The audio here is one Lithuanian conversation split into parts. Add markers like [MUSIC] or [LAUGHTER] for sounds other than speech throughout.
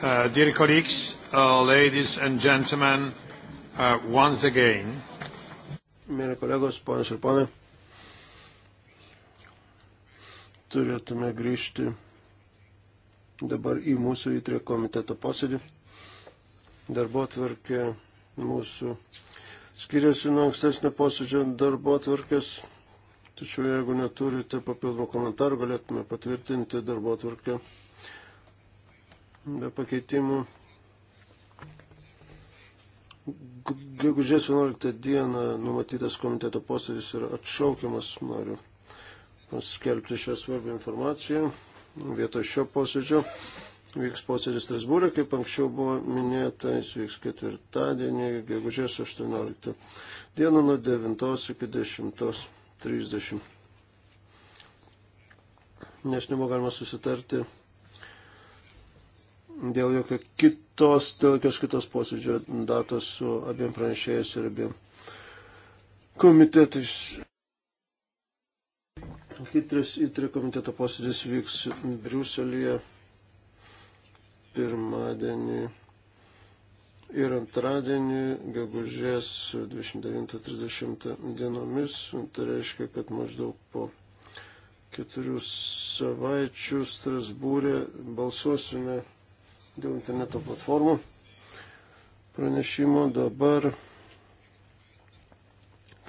Uh, dear colleagues, uh, ladies and gentlemen, uh, once again. Mėly kolegos, ponas ir ponai, turėtume grįžti dabar į mūsų įtrio komiteto posėdį. Darbo tvarkė mūsų skiriasi nuo ankstesnio posėdžio darbo tvarkės, tačiau jeigu neturite papildomų komentarų, galėtume patvirtinti darbo tvarkę be pakeitimų. Gegužės 11 dieną numatytas komiteto posėdis yra atšaukiamas. Noriu paskelbti šią svarbią informaciją. Vietoj šio posėdžio vyks posėdis Strasbūrė, kaip anksčiau buvo minėta, jis vyks ketvirtadienį, gegužės 18 dieną nuo 9 iki 10.30. Nes nebuvo galima susitarti dėl jokio kitos, dėl jokios kitos posėdžio datos su abiem pranešėjais ir abiem komitetais. Hitris įtri komiteto posėdis vyks Briuselėje pirmadienį ir antradienį, gegužės 29-30 dienomis, tai reiškia, kad maždaug po keturių savaičių Strasbūrė balsuosime dėl interneto platformų pranešimo. Dabar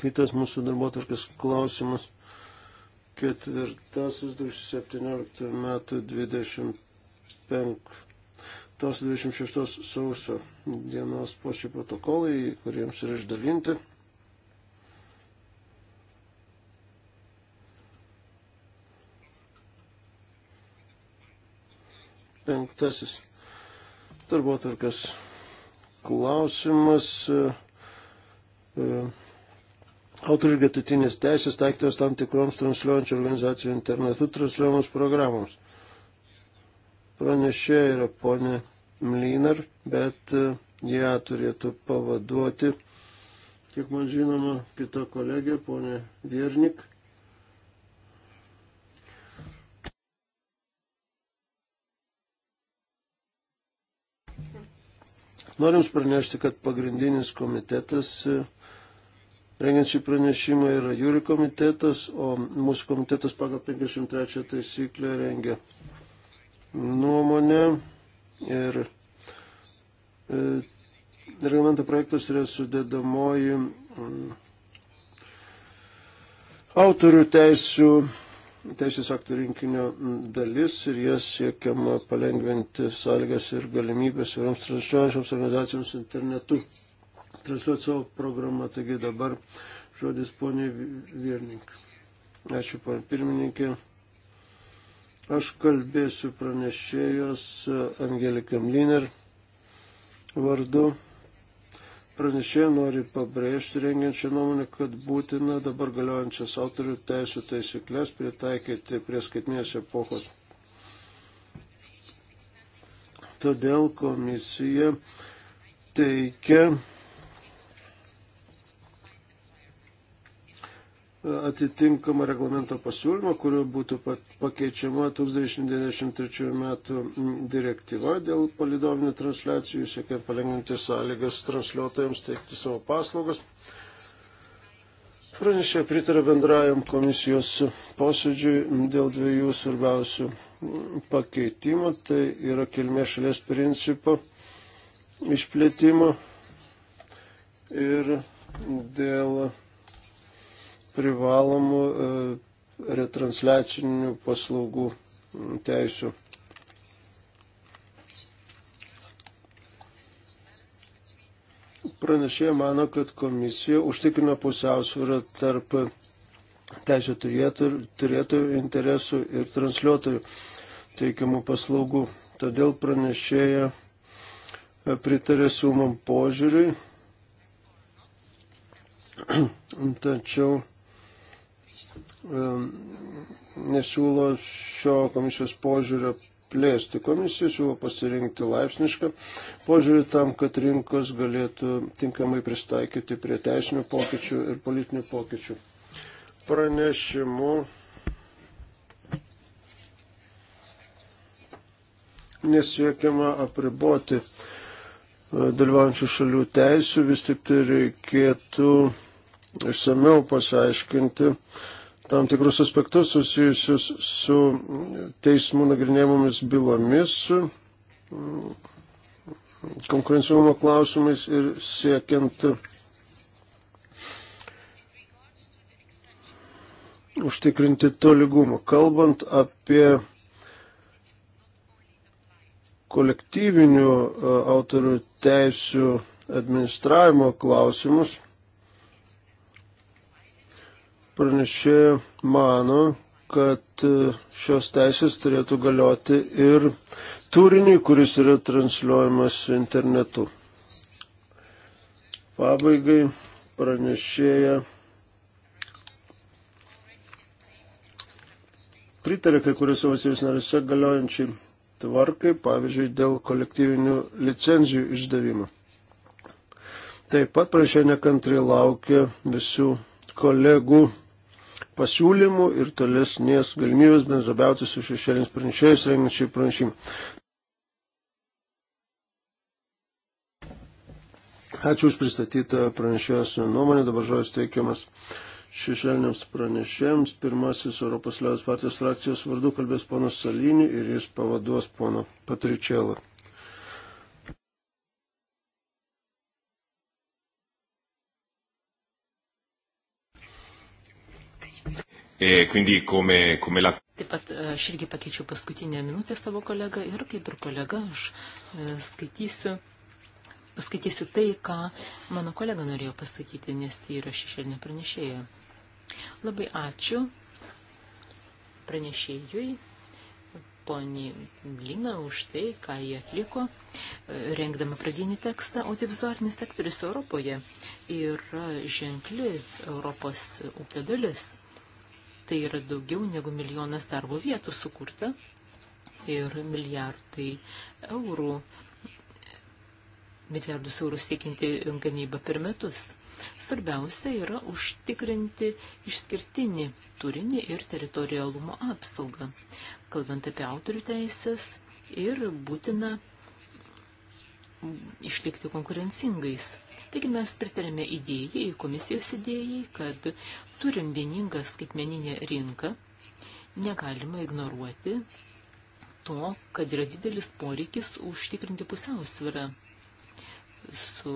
kitas mūsų darbotarkas klausimas. Ketvirtasis 2017 metų 25. 26 sausio dienos posčių protokolai, kuriems yra išdalinti. Penktasis Darbo tarkas klausimas. E, e, autorių gatutinės teisės taiktos tam tikroms transliuojančių organizacijų internetu transliuojamos programoms. Pranešė yra ponė Mlinar, bet e, ją turėtų pavaduoti, kiek man žinoma, kita kolegė, ponė Viernik. Norim pranešti, kad pagrindinis komitetas e, rengiant šį pranešimą yra jūri komitetas, o mūsų komitetas pagal 53 taisyklę rengia nuomonę ir e, reglamento projektas yra sudėdamoji mm, autorių teisų teisės aktų rinkinio dalis ir jas siekiama palengventi sąlygas ir galimybės įvairioms transliuojančioms organizacijoms internetu transliuoti savo programą. Taigi dabar žodis poniai Viernik. Ačiū, pan pirmininkė. Aš kalbėsiu pranešėjos Angelikam Liner vardu. Pranešėja nori pabrėžti rengiančią nuomonę, kad būtina dabar galiojančias autorių teisų taisyklės pritaikyti prie skaitinės epochos. Todėl komisija teikia atitinkamą reglamento pasiūlymą, kuriuo būtų pakeičiama 1993 metų direktyva dėl palidovinių transliacijų, siekiant palengvinti sąlygas transliuotojams teikti savo paslaugas. Pranešė pritarė bendrajam komisijos posėdžiui dėl dviejų svarbiausių pakeitimų, tai yra kilmės šalies principo išplėtimo ir dėl privalomų e, retransliacinių paslaugų teisių. Pranešėja mano, kad komisija užtikrina pusiausvyrą tarp teisų turėtojų, turėtojų interesų ir transliuotojų teikiamų paslaugų. Todėl pranešėja e, pritarė siūlomam požiūriui, [CLEARS THROAT] tačiau nesiūlo šio komisijos požiūrio plėsti. Komisija siūlo pasirinkti laipsnišką požiūrį tam, kad rinkos galėtų tinkamai pristaikyti prie teisinių pokyčių ir politinių pokyčių. Pranešimu nesiekiama apriboti e, dalyvaujančių šalių teisų, vis tik tai reikėtų išsameu pasiaiškinti, tam tikrus aspektus susijusius su teismų nagrinėjamomis bylomis, konkurencingumo klausimais ir siekiant užtikrinti tolygumą. Kalbant apie kolektyvinių e, autorių teisių administravimo klausimus, Pranešėja mano, kad e, šios teisės turėtų galioti ir turiniui, kuris yra transliuojamas internetu. Pabaigai pranešėja pritarė kai kuriuose valstybės narėse galiojančiai tvarkai, pavyzdžiui, dėl kolektyvinių licenzijų išdavimo. Taip pat prašė nekantrai laukia visų kolegų pasiūlymų ir tolesnės galimybės bendrabiauti su šešėliniais pranešėjais, rengiant šį pranešimą. Ačiū už pristatytą pranešėjos nuomonę, dabar žodis teikiamas šešėliniams pranešėjams. Pirmasis Europos Liaudės partijos frakcijos vardu kalbės ponas Salinį ir jis pavaduos pono Patričėlą. E quindi come, come la... Taip pat e, aš irgi pakeičiau paskutinę minutę savo kolegą ir kaip ir kolega aš e, skaitysiu, paskaitysiu tai, ką mano kolega norėjo pasakyti, nes tai yra šešėlinė pranešėja. Labai ačiū pranešėjui poniai Lina už tai, ką jie atliko, e, rengdama pradinį tekstą, o tai vizualinis sektorius Europoje yra ženkli Europos ūkio dalis tai yra daugiau negu milijonas darbo vietų sukurta ir milijardai eurų, milijardus eurų siekinti gamybą per metus. Svarbiausia yra užtikrinti išskirtinį turinį ir teritorialumo apsaugą, kalbant apie autorių teisės ir būtina išlikti konkurencingais. Taigi mes pritarėme idėjai, komisijos idėjai, kad turim vieningą skaitmeninę rinką, negalima ignoruoti to, kad yra didelis poreikis užtikrinti pusiausvyrą su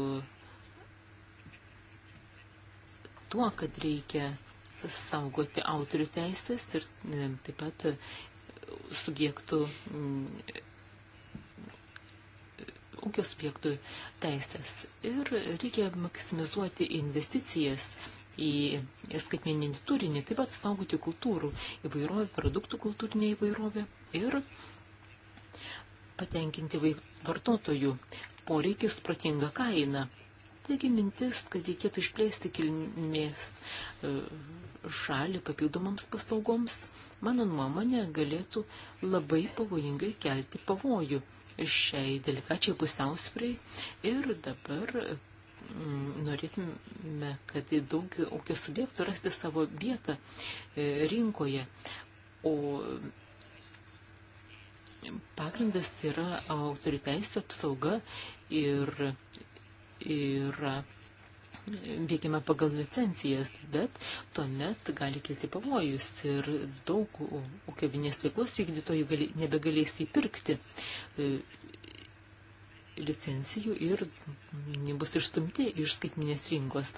tuo, kad reikia saugoti autorių teisės ir e, taip pat e, subjektų mm, ūkio subjektų teisės. Ir reikia maksimizuoti investicijas į skaitmeninį turinį, taip pat saugoti kultūrų įvairovę, produktų kultūrinę įvairovę ir patenkinti vartotojų poreikis protingą kainą. Taigi mintis, kad reikėtų išplėsti kilmės e, šalį papildomams paslaugoms, mano nuomonė galėtų labai pavojingai kelti pavojų šiai delikačiai pusiausvrai ir dabar norėtume, kad daug ūkio subjektų rasti savo vietą e, rinkoje. O pagrindas yra autoriteisų apsauga ir, ir veikiame pagal licencijas, bet tuomet gali kilti pavojus ir daug ūkio veiklos vykdytojų gali, nebegalės įpirkti e, licencijų ir bus išstumti iš skaitminės rinkos.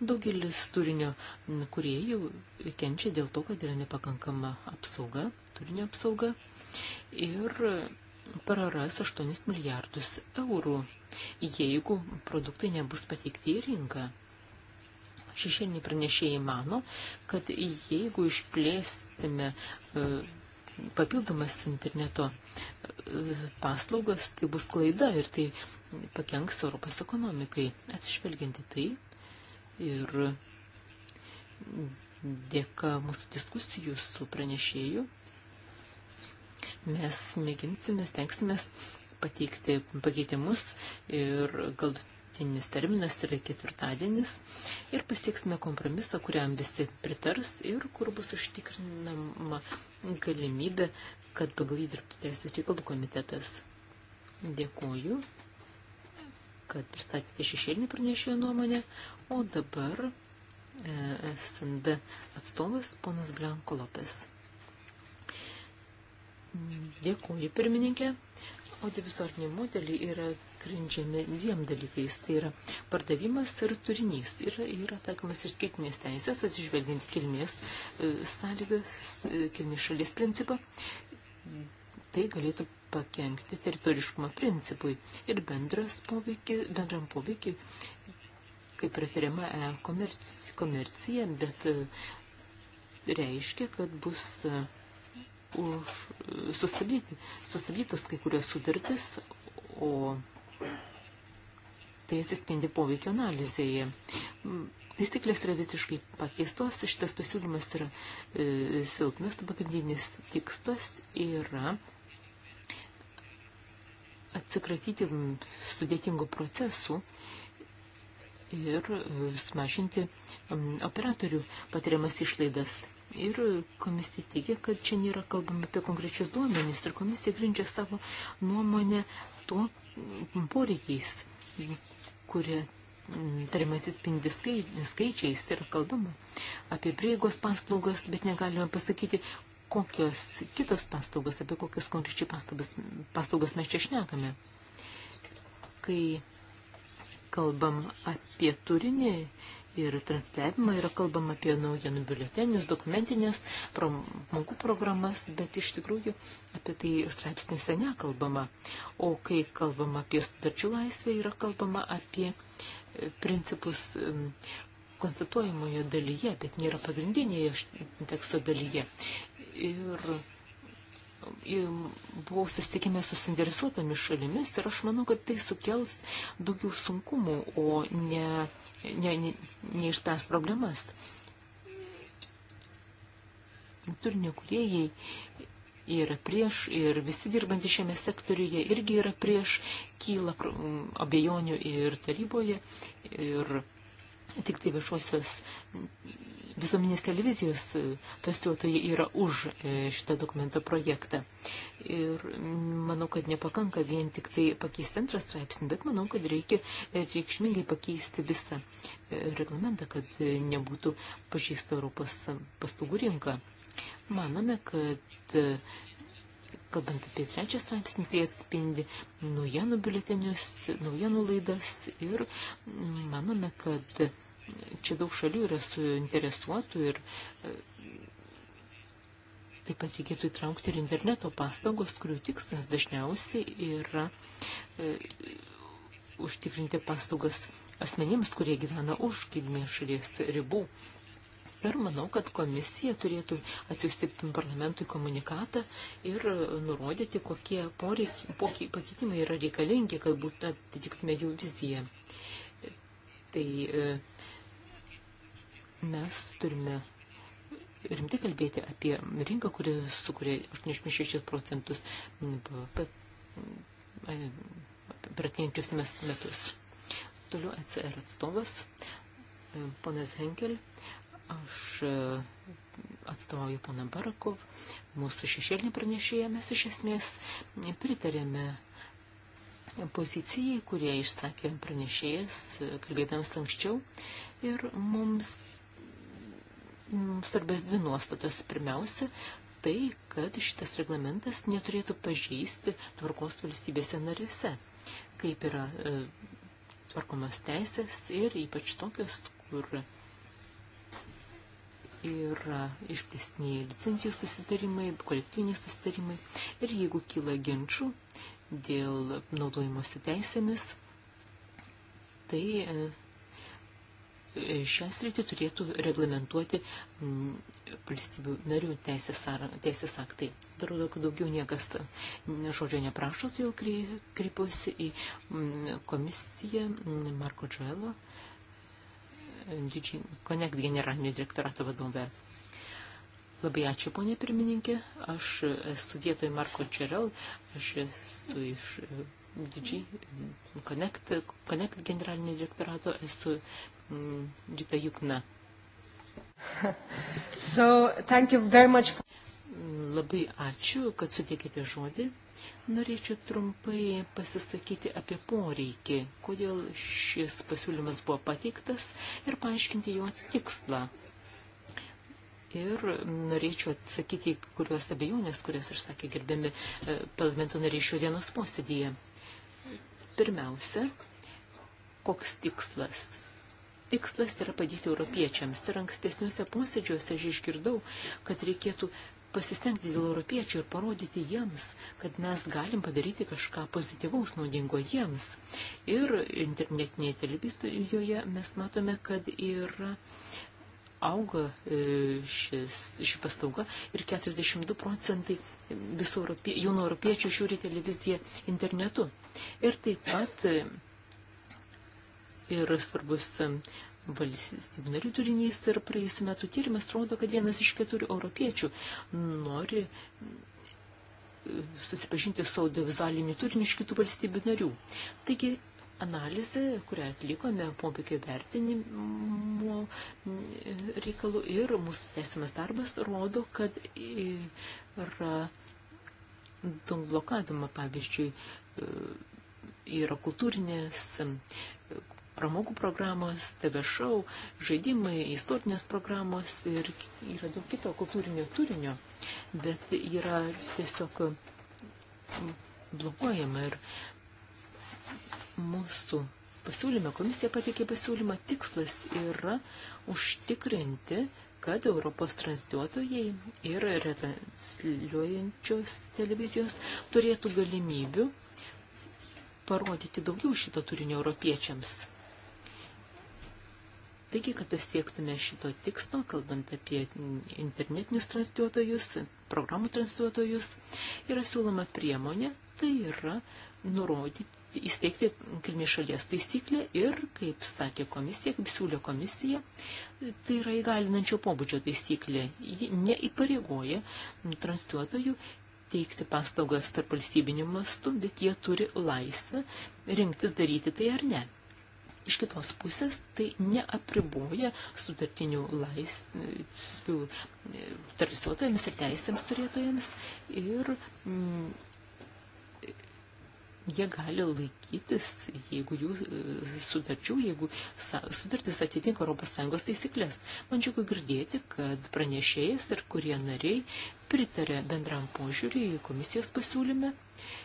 Daugelis turinio kuriejų kenčia dėl to, kad yra nepakankama apsauga, turinio apsauga ir praras 8 milijardus eurų, jeigu produktai nebus pateikti į rinką. Šešėliniai pranešėjai mano, kad jeigu išplėsime uh, e, papildomas interneto e, paslaugas, tai bus klaida ir tai pakenks Europos ekonomikai. Atsižvelginti tai ir dėka mūsų diskusijų su pranešėju mes mėginsime, stengsime pateikti pakeitimus ir galutinis terminas yra ketvirtadienis ir pasieksime kompromisą, kuriam visi pritars ir kur bus užtikrinama galimybę, kad pagal jį dirbtų Teisės reikalų komitetas. Dėkuoju, kad pristatėte šešėlinį pranešėjo nuomonę, o dabar e, SND atstovas ponas Blanko Lopes. Dėkuoju, pirmininkė. Audiovisoriniai modeliai yra grindžiami dviem dalykais. Tai yra pardavimas ir turinys. Ir yra, yra taikomas išskirtinės teisės, atsižvelgiant kilmės e, sąlygas, e, kilmės šalies principą. Tai galėtų pakengti teritoriškumo principui ir bendras poveikį, bendram poveikiai, kaip pritariama e komercija, komercija, bet e, reiškia, kad bus už, sustabdyti, sustabdytos kai kurios sudartis, o Tai atsispindi poveikio analizėje. Mm, taisyklės yra visiškai pakeistos, šitas pasiūlymas yra e, silpnas, pagrindinis tikslas yra atsikratyti sudėtingų procesų ir e, sumažinti operatorių patiriamas išlaidas. Ir komisija teigia, kad čia nėra kalbama apie konkrečius duomenys ir komisija grindžia savo nuomonę tuo, poreikiais, kurie mm, tariamai atsispindi skai, skaičiais ir kalbama apie prieigos paslaugas, bet negalime pasakyti, kokios kitos paslaugas, apie kokias konkrečiai paslaugas, paslaugas mes čia šnekame. Kai kalbam apie turinį, ir transliavimą, yra kalbama apie naujienų biuletenius, dokumentinės pramogų programas, bet iš tikrųjų apie tai straipsniuose nekalbama. O kai kalbama apie sutarčių laisvę, yra kalbama apie e, principus konstatuojamoje dalyje, bet nėra pagrindinėje teksto dalyje. Ir buvau susitikime su suinteresuotomis šalimis ir aš manau, kad tai sukels daugiau sunkumų, o ne, ne, ne, neišspręs problemas. Turinio kuriejai yra prieš ir visi dirbantys šiame sektoriuje irgi yra prieš, kyla abejonių ir taryboje ir tik tai viešosios visuomenės televizijos e, testuotojai yra už e, šitą dokumento projektą. Ir manau, kad nepakanka vien tik tai pakeisti antrą straipsnį, bet manau, kad reikia e, reikšmingai pakeisti visą reglamentą, kad nebūtų pažįsta Europos pastogų rinka. Manome, kad kalbant apie trečią straipsnį, tai atspindi naujienų biuletenius, naujienų laidas ir manome, kad čia daug šalių yra suinteresuotų ir e, taip pat reikėtų įtraukti ir interneto paslaugos, kurių tikslas dažniausiai yra e, užtikrinti paslaugas asmenims, kurie gyvena už kilmės šalies ribų. Ir manau, kad komisija turėtų atsiųsti parlamentui komunikatą ir e, nurodyti, kokie poreikiai, pokie pakeitimai yra reikalingi, kad būtų atitiktume jų viziją. Tai e, mes turime rimtai kalbėti apie rinką, kuri sukuria 86 procentus per atėjančius metus. Toliau ECR atstovas, e, ponas Henkel, aš e, atstovauju poną Barakov, mūsų šešėlinį pranešėją mes iš esmės pritarėme pozicijai, kurie išsakė pranešėjas, e, kalbėdamas anksčiau, ir mums Mm, svarbios dvi nuostatos. Pirmiausia, tai, kad šitas reglamentas neturėtų pažeisti tvarkos valstybėse narėse, kaip yra e, tvarkomos teisės ir ypač tokios, kur yra išplėstiniai licencijų susitarimai, kolektyviniai susitarimai ir jeigu kyla ginčių dėl naudojimosi teisėmis, tai e, šią sritį turėtų reglamentuoti valstybių narių teisės, teisės aktai. Atrodo, kad daugiau niekas žodžio neprašo, tai jau kreipiausi į komisiją Marko Džuelo, Connect generalinio direktorato vadovę. Labai ačiū, ponė pirmininkė. Aš esu vietoj Marko Čerel, aš esu iš DG Connect, Connect generalinio direktorato, esu Mm, Džita Jukna. [LAUGHS] So, thank you very much for... Mm, Labai ačiū, kad sutikite žodį. Norėčiau trumpai pasisakyti apie poreikį, kodėl šis pasiūlymas buvo pateiktas ir paaiškinti jo tikslą. Ir norėčiau atsakyti kuriuos abejonės, kurias išsakė girdami e, parlamento nariai šios dienos posėdėje. Pirmiausia, koks tikslas tikslas yra padėti europiečiams. Ir ankstesniuose posėdžiuose aš išgirdau, kad reikėtų pasistengti dėl europiečių ir parodyti jiems, kad mes galim padaryti kažką pozityvaus, naudingo jiems. Ir internetinėje televizijoje mes matome, kad yra auga e, šis, ši paslauga ir 42 procentai visų europie, jaunų europiečių žiūri televiziją internetu. Ir taip pat e, ir svarbus valstybių narių turinys ir praėjusiu metu tyrimas rodo, kad vienas iš keturių europiečių nori e, susipažinti su audiovizualiniu turiniu iš kitų valstybių narių. Taigi, analizė, kurią atlikome pompikio vertinimo reikalų ir mūsų tęsiamas darbas rodo, kad yra daug blokavimo, pavyzdžiui, e, yra kultūrinės pramogų programos, TV šou, žaidimai, istorinės programos ir yra daug kito kultūrinio turinio, bet yra tiesiog blokuojama ir mūsų pasiūlyme, komisija pateikė pasiūlymą, tikslas yra užtikrinti, kad Europos transliuotojai ir retransliuojančios televizijos turėtų galimybių parodyti daugiau šito turinio europiečiams. Taigi, kad pasiektume šito tikslo, kalbant apie internetinius transliuotojus, programų transliuotojus, yra siūloma priemonė, tai yra nurodyti, įsteigti kilmės šalies taisyklę ir, kaip sakė komisija, kaip siūlė komisija, tai yra įgalinančio pobūdžio taisyklė. Ji neįpareigoja transliuotojų teikti paslaugas tarp valstybinių mastų, bet jie turi laisvę rinktis daryti tai ar ne. Iš kitos pusės tai neapriboja sutartinių laisvių e, tarpsuotojams ir teisėms turėtojams ir mm, jie gali laikytis, jeigu jų e, sutarčių, jeigu sutartis atitinka ES taisyklės. Man džiugu girdėti, kad pranešėjas ir kurie nariai pritarė bendram požiūriui komisijos pasiūlyme.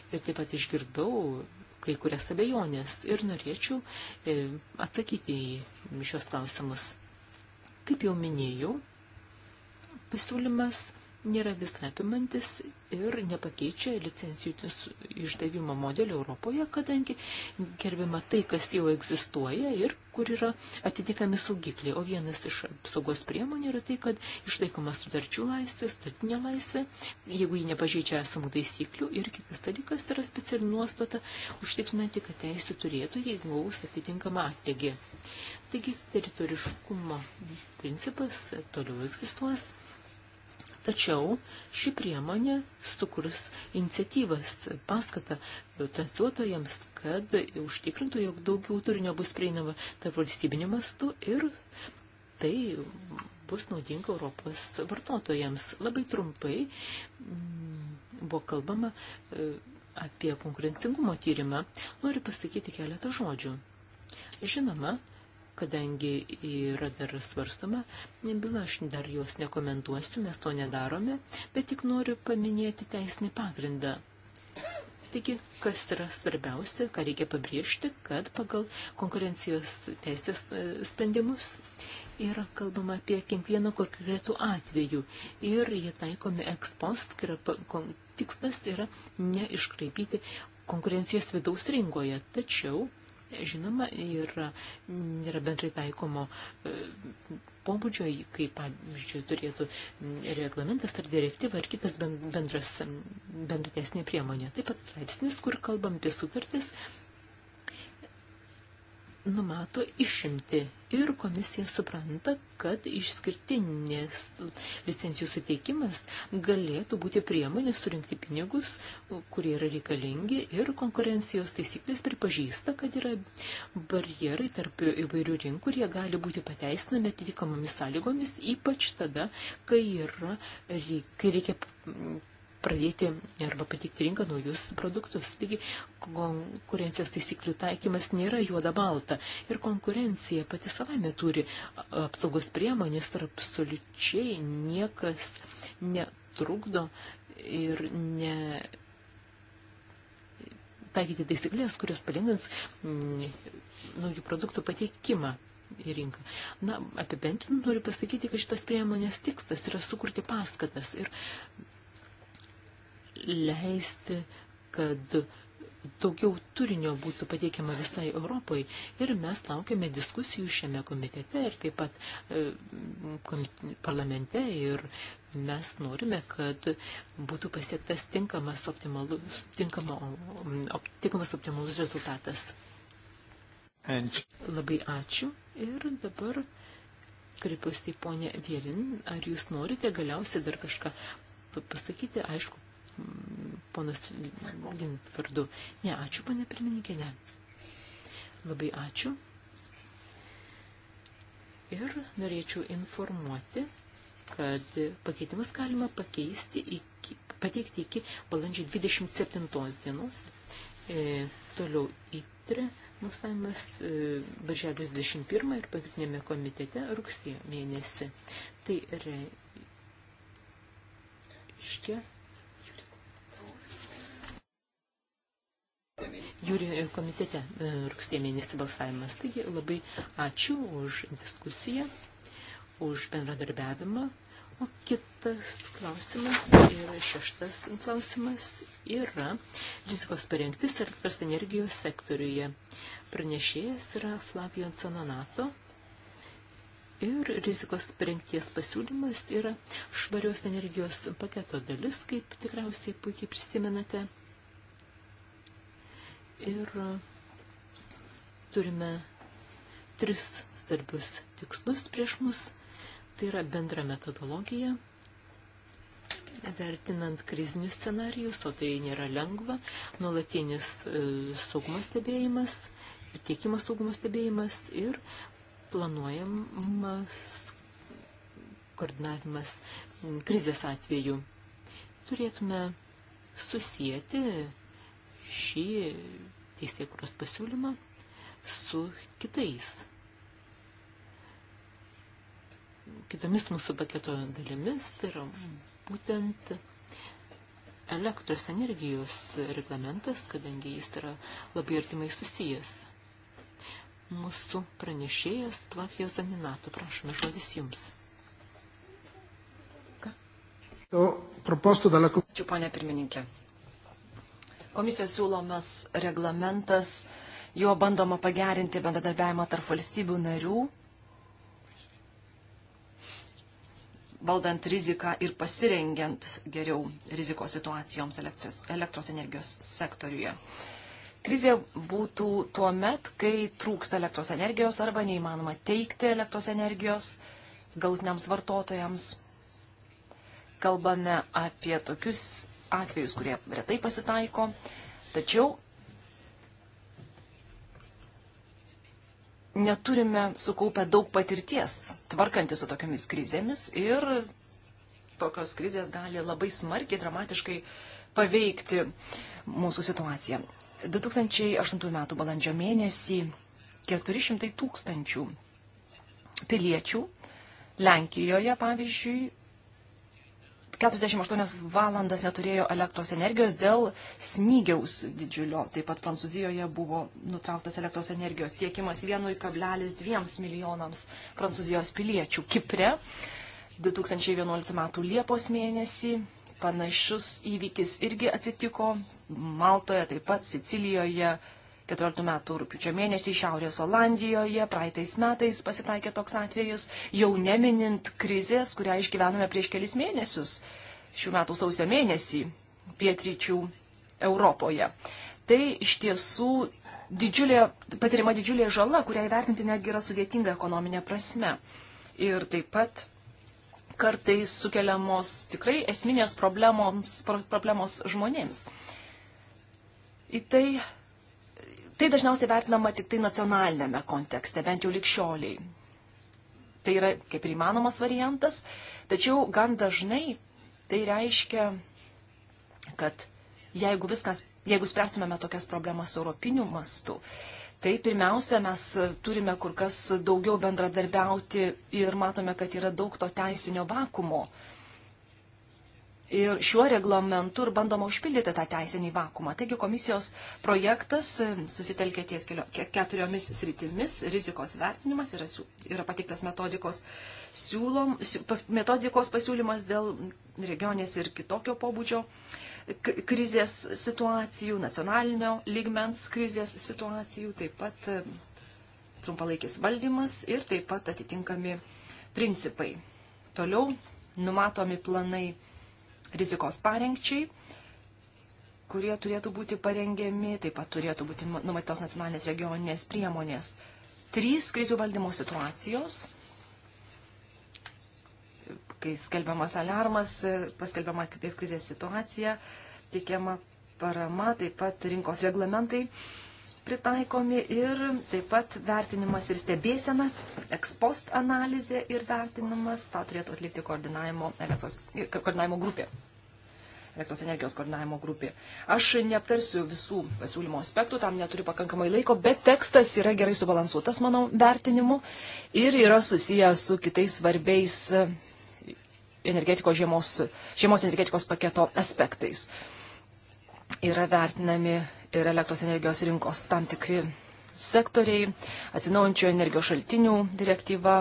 Ir taip pat išgirdau kai kurias abejonės ir norėčiau e, atsakyti į šios klausimus. Kaip jau minėjau, pasiūlymas nėra viskapimantis ir nepakeičia licencijų išdavimo modelio Europoje, kadangi gerbima tai, kas jau egzistuoja ir kur yra atitikami saugikliai. O vienas iš apsaugos priemonių yra tai, kad išlaikoma sutarčių laisvė, sutartinė laisvė, jeigu ji nepažeidžia esamų taisyklių. Ir kitas dalykas yra speciali nuostata užtikrinanti, kad teisų turėtų, jeigu gaus atitinkamą atlygį. Taigi teritoriškumo principas toliau egzistuos Tačiau ši priemonė sukurs iniciatyvas paskatą transliuotojams, kad užtikrintų, jog daugiau turinio bus prieinama tarp valstybinių mastų ir tai bus naudinga Europos vartotojams. Labai trumpai mm, buvo kalbama e, apie konkurencingumo tyrimą. Noriu pasakyti keletą žodžių. Žinoma, kadangi yra dar svarstoma byla, aš dar jos nekomentuosiu, mes to nedarome, bet tik noriu paminėti teisinį pagrindą. Taigi, kas yra svarbiausia, ką reikia pabrėžti, kad pagal konkurencijos teisės e, sprendimus yra kalbama apie kiekvieną konkretų atvejų ir jie taikomi ekspost, kai yra, tikslas yra neiškraipyti konkurencijos vidaus rinkoje. Tačiau Žinoma, yra, mm, yra bendrai taikomo e, pobūdžio, kaip pavyzdžiui turėtų mm, reglamentas ar direktyva ar kitas bendras, mm, bendratesnė priemonė. Taip pat straipsnis, kur kalbam apie sutartis numato išimti ir komisija supranta, kad išskirtinės licencijų suteikimas galėtų būti priemonė surinkti pinigus, kurie yra reikalingi ir konkurencijos taisyklės pripažįsta, kad yra barjerai tarp įvairių rinkų, kurie gali būti pateisinami atitikamomis sąlygomis, ypač tada, kai, yra, kai reikia pradėti arba patikti rinką naujus produktus. Taigi konkurencijos taisyklių taikymas nėra juoda-balta ir konkurencija pati savame turi apsaugos priemonės ir absoliučiai niekas netrukdo ir ne taikyti taisyklės, kurios palengvins mm, naujų produktų pateikimą į rinką. Na, apibendrinant noriu pasakyti, kad šitas priemonės tikslas yra sukurti paskatas ir leisti, kad daugiau turinio būtų pateikiama visai Europai ir mes laukiame diskusijų šiame komitete ir taip pat e, komite, parlamente ir mes norime, kad būtų pasiektas tinkamas optimalus, tinkama, op, tinkamas optimalus rezultatas. Labai ačiū ir dabar kreipiuosi į ponę Vėlin, ar jūs norite galiausiai dar kažką pasakyti, aišku, ponas Login vardu. Ne, ačiū, pane pirmininkė, ne. Labai ačiū. Ir norėčiau informuoti, kad pakeitimus galima pakeisti iki, pateikti iki balandžio 27 dienos. E, toliau įtrė nustavimas e, birželio 21 ir pagrindinėme komitete rugsėjo mėnesį. Tai reiškia, Jūri komitete e, rugsėjo mėnesį balsavimas. Taigi labai ačiū už diskusiją, už bendradarbiavimą. O kitas klausimas ir šeštas klausimas yra rizikos parengtis elektros energijos sektoriuje. Pranešėjas yra Flavian Sanonato ir rizikos parengties pasiūlymas yra švarios energijos paketo dalis, kaip tikriausiai puikiai prisimenate. Ir e, turime tris svarbius tikslus prieš mus. Tai yra bendra metodologija, vertinant krizinius scenarijus, o tai nėra lengva, nuolatinis e, saugumo stebėjimas, tiekimo saugumo stebėjimas ir planuojamas koordinavimas krizės atveju. Turėtume susijęti šį teisėkuros pasiūlymą su kitais, kitomis mūsų paketo dalimis, tai yra būtent elektros energijos reglamentas, kadangi jis yra labai artimai susijęs. Mūsų pranešėjas Plafija Zaminato, prašome žodis jums. Ačiū, ponė pirmininkė. Komisijos siūlomas reglamentas, juo bandoma pagerinti bendradarbiavimą tarp valstybių narių, valdant riziką ir pasirengiant geriau rizikos situacijoms elektros, elektros energijos sektoriuje. Krizė būtų tuo met, kai trūksta elektros energijos arba neįmanoma teikti elektros energijos galutiniams vartotojams. Kalbame apie tokius atvejus, kurie retai pasitaiko. Tačiau neturime sukaupę daug patirties tvarkantis su tokiamis krizėmis ir tokios krizės gali labai smarkiai, dramatiškai paveikti mūsų situaciją. 2008 m. balandžio mėnesį 400 tūkstančių piliečių Lenkijoje, pavyzdžiui, 48 valandas neturėjo elektros energijos dėl snygiaus didžiulio. Taip pat Prancūzijoje buvo nutrauktas elektros energijos tiekimas 1,2 milijonams Prancūzijos piliečių. Kipre 2011 m. Liepos mėnesį panašus įvykis irgi atsitiko Maltoje, taip pat Sicilijoje, 14 metų rūpiučio mėnesį Šiaurės Olandijoje, praeitais metais pasitaikė toks atvejis, jau neminint krizės, kurią išgyvenome prieš kelis mėnesius, šių metų sausio mėnesį, pietryčių Europoje. Tai iš tiesų didžiulė, patirima didžiulė žala, kurią įvertinti netgi yra sudėtinga ekonominė prasme. Ir taip pat kartais sukeliamos tikrai esminės problemos, problemos žmonėms. Į tai Tai dažniausiai vertinama tik tai nacionalinėme kontekste, bent jau likščioliai. Tai yra kaip ir įmanomas variantas, tačiau gan dažnai tai reiškia, kad jeigu viskas, jeigu spręstumėme tokias problemas europiniu mastu, tai pirmiausia, mes turime kur kas daugiau bendradarbiauti ir matome, kad yra daug to teisinio vakumo. Uh, ir šiuo reglamentu ir bandoma užpildyti tą teisinį vakumą. Taigi komisijos projektas e, susitelkė ties keturiomis sritimis - rizikos vertinimas, yra, yra pateiktas metodikos, siūlom, metodikos pasiūlymas dėl regionės ir kitokio pobūdžio krizės situacijų, nacionalinio ligmens krizės situacijų, taip pat e, trumpalaikis valdymas ir taip pat atitinkami principai. Toliau numatomi planai rizikos parengčiai kurie turėtų būti parengiami, taip pat turėtų būti nu- numatytos nacionalinės regioninės priemonės. Trys krizių valdymo situacijos, kai skelbiamas alarmas, paskelbiama apie krizės situaciją, teikiama parama, taip pat rinkos reglamentai. Uh, pritaikomi ir taip pat vertinimas ir stebėsena, ekspost analizė ir vertinimas, tą turėtų atlikti koordinavimo, elektros, koordinavimo grupė elektros energijos koordinavimo grupė. Aš neaptarsiu visų pasiūlymo aspektų, tam neturiu pakankamai laiko, bet tekstas yra gerai subalansuotas, manau, vertinimu ir yra susijęs su kitais svarbiais e, energetikos žiemos, žiemos energetikos paketo aspektais. Yra vertinami ir elektros energijos rinkos tam tikri sektoriai, atsinaujančio energijos šaltinių direktyva,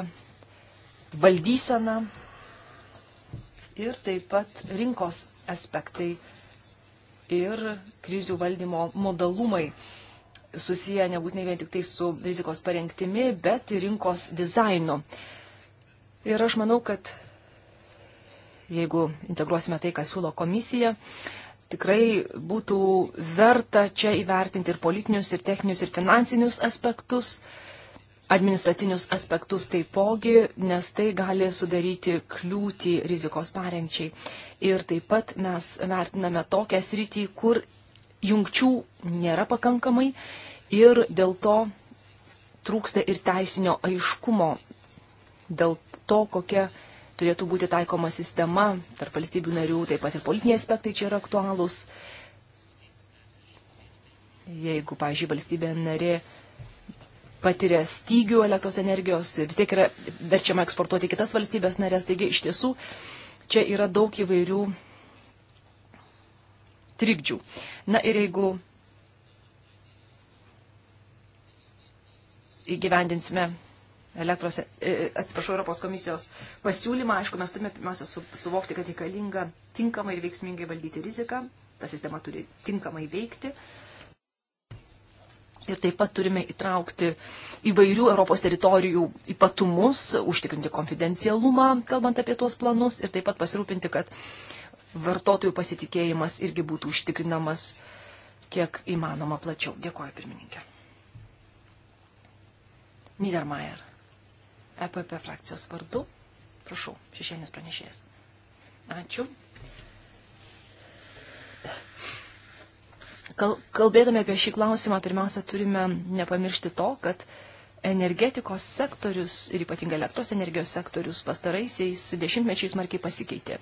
valdysena ir taip pat rinkos aspektai ir krizių valdymo modalumai susiję nebūtinai vien tik tai su rizikos parengtimi, bet ir rinkos dizainu. Ir aš manau, kad jeigu integruosime tai, ką siūlo komisija, tikrai būtų verta čia įvertinti ir politinius, ir techninius, ir finansinius aspektus, administracinius aspektus taipogi, nes tai gali sudaryti kliūtį rizikos parengčiai. Ir taip pat mes vertiname tokią sritį, kur jungčių nėra pakankamai ir dėl to trūksta ir teisinio aiškumo, dėl to, kokia turėtų būti taikoma sistema tarp valstybių narių, taip pat ir politiniai aspektai čia yra aktualūs. Jeigu, pažiūrėjau, valstybė narė patiria stygių elektros energijos, vis tiek yra verčiama eksportuoti kitas valstybės narės, taigi iš tiesų čia yra daug įvairių trikdžių. Na ir jeigu įgyvendinsime elektros, e, atsiprašau, Europos komisijos pasiūlymą. Aišku, mes turime pirmiausia su, suvokti, kad reikalinga tinkamai ir veiksmingai valdyti riziką, ta sistema turi tinkamai veikti. Ir taip pat turime įtraukti įvairių Europos teritorijų ypatumus, užtikrinti konfidencialumą, kalbant apie tuos planus, ir taip pat pasirūpinti, kad vartotojų pasitikėjimas irgi būtų užtikrinamas kiek įmanoma plačiau. Dėkuoju, pirmininkė. Niedermayer. EPP frakcijos vardu. Prašau, šešėlinis pranešėjas. Ačiū. Kalbėdami apie šį klausimą, pirmiausia, turime nepamiršti to, kad energetikos sektorius ir ypatingai elektros energijos sektorius pastaraisiais dešimtmečiais markiai pasikeitė.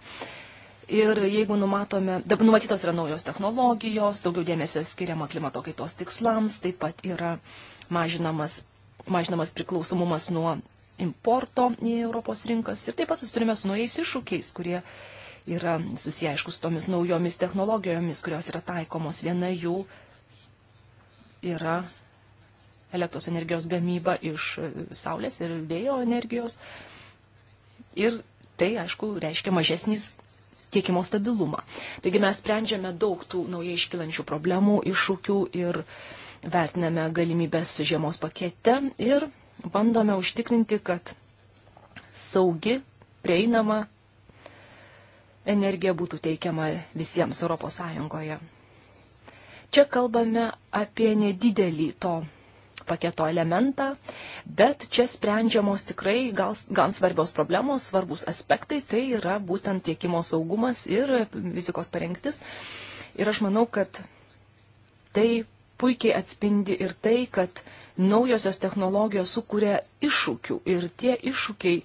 Ir jeigu numatome, dabar numatytos yra naujos technologijos, daugiau dėmesio skiriama klimato kaitos tikslams, taip pat yra mažinamas, mažinamas priklausomumas nuo importo į Europos rinkas ir taip pat susidurime su naujais iššūkiais, kurie yra susiję, aišku, su tomis naujomis technologijomis, kurios yra taikomos. Viena jų yra elektros energijos gamyba iš e, saulės ir vėjo energijos. Ir tai, aišku, reiškia mažesnis tiekimo stabilumą. Taigi mes sprendžiame daug tų naujai iškilančių problemų, iššūkių ir vertiname galimybės žiemos pakete ir bandome užtikrinti, kad saugi, prieinama energija būtų teikiama visiems ES. Čia kalbame apie nedidelį to paketo elementą, bet čia sprendžiamos tikrai gal, gan svarbios problemos, svarbus aspektai, tai yra būtent tiekimo saugumas ir fizikos parengtis. Ir aš manau, kad tai puikiai atspindi ir tai, kad uh, naujosios technologijos sukuria iššūkių ir tie iššūkiai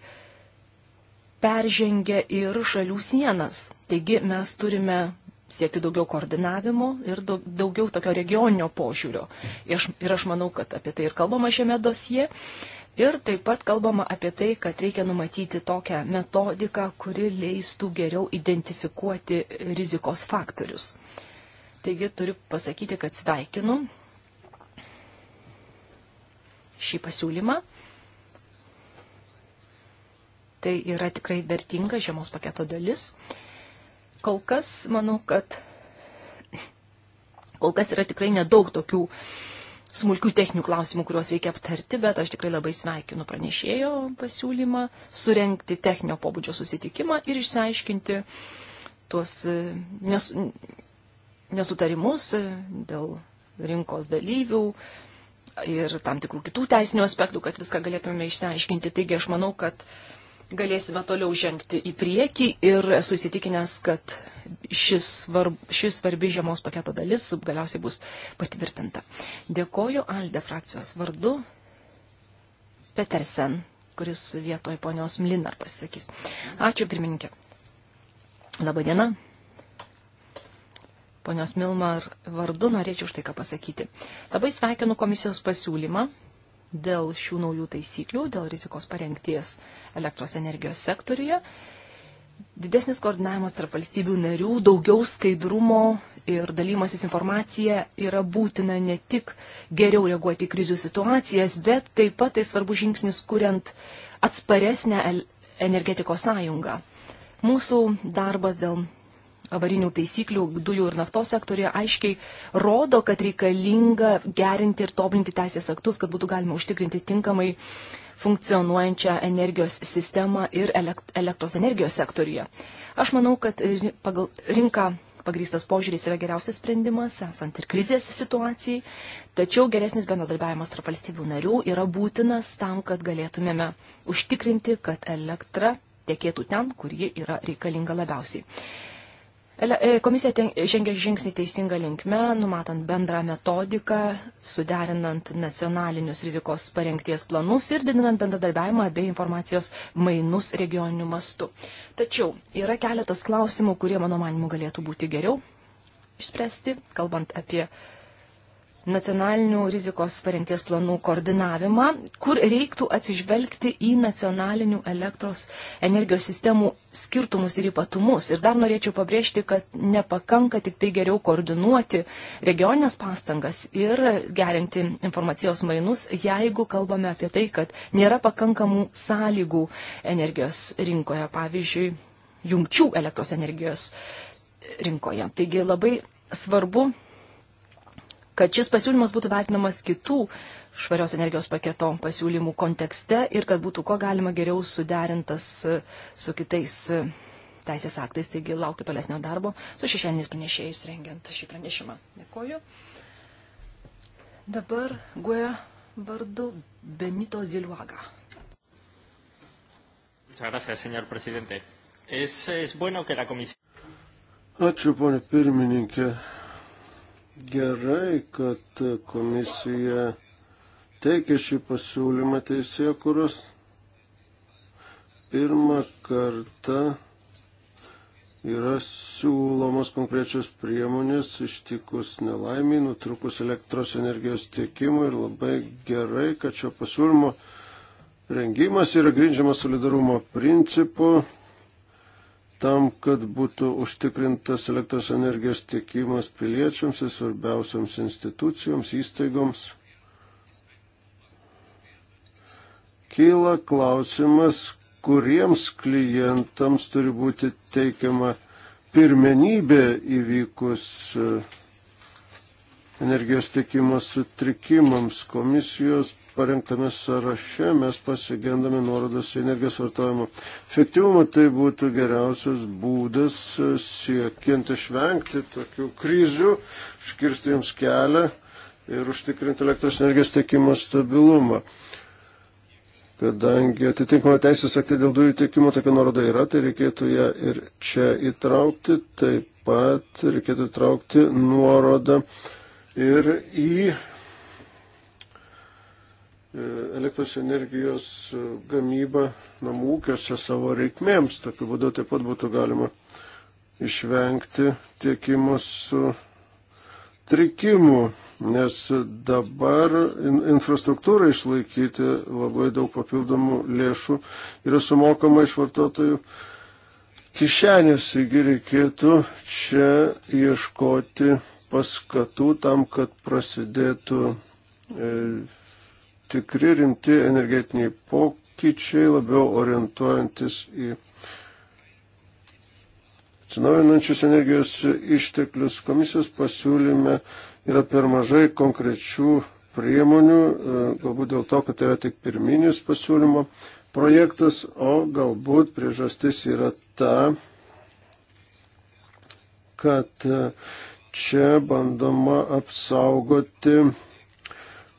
peržengia ir šalių sienas. Taigi mes turime siekti daugiau koordinavimo ir daugiau tokio regioninio požiūrio. Ir aš manau, kad apie tai ir kalbama šiame dosie. Ir taip pat kalbama apie tai, kad reikia numatyti tokią metodiką, kuri leistų geriau identifikuoti rizikos faktorius. Taigi turiu pasakyti, kad sveikinu šį pasiūlymą. Tai yra tikrai vertinga žiemos paketo dalis. Kol kas, manau, kad kol kas yra tikrai nedaug tokių smulkių techninių klausimų, kuriuos reikia aptarti, bet aš tikrai labai sveikinu pranešėjo pasiūlymą surenkti techninio pobūdžio susitikimą ir išsiaiškinti tuos e, nes, nesutarimus e, dėl rinkos dalyvių, ir tam tikrų kitų teisinių aspektų, kad viską galėtume išsiaiškinti. Taigi aš manau, kad galėsime toliau žengti į priekį ir esu įsitikinęs, kad šis, svarb, šis svarbi žiemos paketo dalis galiausiai bus patvirtinta. Dėkoju Alde frakcijos vardu Petersen, kuris vietoj ponios Mlinar pasisakys. Ačiū pirmininkė. Labadiena ponios Milmar vardu norėčiau štai ką pasakyti. Labai sveikinu komisijos pasiūlymą dėl šių naujų taisyklių, dėl rizikos parengties elektros energijos sektoriuje. Didesnis koordinavimas tarp valstybių narių, daugiau skaidrumo ir dalymasis informacija yra būtina ne tik geriau reaguoti į krizių situacijas, bet taip pat tai svarbu žingsnis, kuriant atsparesnę energetikos sąjungą. Mūsų darbas dėl avarinių taisyklių dujų ir naftos sektorija aiškiai rodo, kad reikalinga gerinti ir tobulinti teisės aktus, kad būtų galima užtikrinti tinkamai funkcionuojančią energijos sistemą ir elektros energijos sektoriuje. Aš manau, kad pagal rinką pagrystas požiūris yra geriausias sprendimas, esant ir krizės situacijai, tačiau geresnis bendradarbiavimas tarp valstybių narių yra būtinas tam, kad galėtumėme užtikrinti, kad elektra tiekėtų ten, kur ji yra reikalinga labiausiai. E, komisija žengia žingsnį teisinga linkme, numatant bendrą metodiką, suderinant nacionalinius rizikos parengties planus ir didinant bendradarbiavimą bei informacijos mainus regioniniu mastu. Tačiau yra keletas klausimų, kurie, mano manimu, galėtų būti geriau išspręsti, kalbant apie nacionalinių rizikos parengties planų koordinavimą, kur reiktų atsižvelgti į nacionalinių elektros energijos sistemų skirtumus ir ypatumus. Ir dar norėčiau pabrėžti, kad nepakanka tik tai geriau koordinuoti regioninės pastangas ir gerinti informacijos mainus, jeigu kalbame apie tai, kad nėra pakankamų sąlygų energijos rinkoje, pavyzdžiui, jungčių elektros energijos rinkoje. Taigi labai svarbu kad šis pasiūlymas būtų vertinamas kitų švarios energijos paketo pasiūlymų kontekste ir kad būtų kuo galima geriau suderintas e, su kitais e, teisės aktais. Taigi laukiu tolesnio darbo su šešėliniais pranešėjais rengiant šį pranešimą. Dėkoju. Dabar Guė vardu Benito Ziluaga. Ačiū, ponė pirmininkė gerai, kad komisija teikia šį pasiūlymą teisė, kuris pirmą kartą yra siūlomos konkrečios priemonės ištikus nelaimiai, nutrukus elektros energijos tiekimui ir labai gerai, kad šio pasiūlymo rengimas yra grindžiamas solidarumo principu tam, kad būtų užtikrintas elektros energijos tiekimas piliečiams ir svarbiausiams institucijoms, įstaigoms. Kyla klausimas, kuriems klientams turi būti teikiama pirmenybė įvykus e, energijos tiekimo sutrikimams. Komisijos parengtame sąraše mes pasigendame nuorodas į energijos vartojimo efektyvumą, tai būtų geriausias būdas e, siekiant išvengti tokių krizių, iškirsti jums kelią ir užtikrinti elektros energijos tiekimo stabilumą. Kadangi atitinkama teisės akte dėl dujų tiekimo tokia nuoroda yra, tai reikėtų ją ir čia įtraukti, taip pat reikėtų įtraukti nuorodą ir į E, elektros energijos e, gamybą namų ūkiuose savo reikmėms. Tokiu būdu taip pat būtų galima išvengti tiekimus su trikimu, nes dabar infrastruktūrai išlaikyti labai daug papildomų lėšų yra sumokama iš vartotojų kišenės, taigi reikėtų čia ieškoti paskatų tam, kad prasidėtų e, tikri rimti energetiniai pokyčiai, labiau orientuojantis į atsinaujinančius energijos išteklius. Komisijos pasiūlyme yra per mažai konkrečių priemonių, e, galbūt dėl to, kad tai yra tik pirminis pasiūlymo projektas, o galbūt priežastis yra ta, kad e, čia bandoma apsaugoti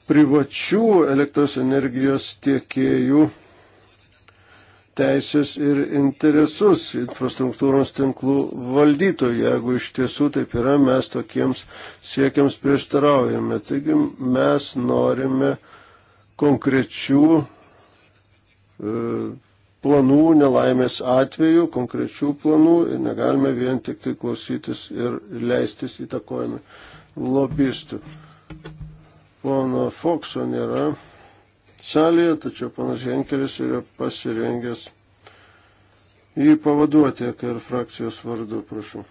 privačių elektros energijos tiekėjų teisės ir interesus infrastruktūros tinklų valdytojų. Jeigu iš tiesų taip yra, mes tokiems siekiams prieštaraujame. Taigi mes norime konkrečių e, planų nelaimės atveju, konkrečių planų ir negalime vien tik tai klausytis ir leistis įtakojami lobistų. Pono Fokso nėra salėje, tačiau panas Henkelis yra pasirengęs jį pavaduoti, kai ir frakcijos vardu, prašau.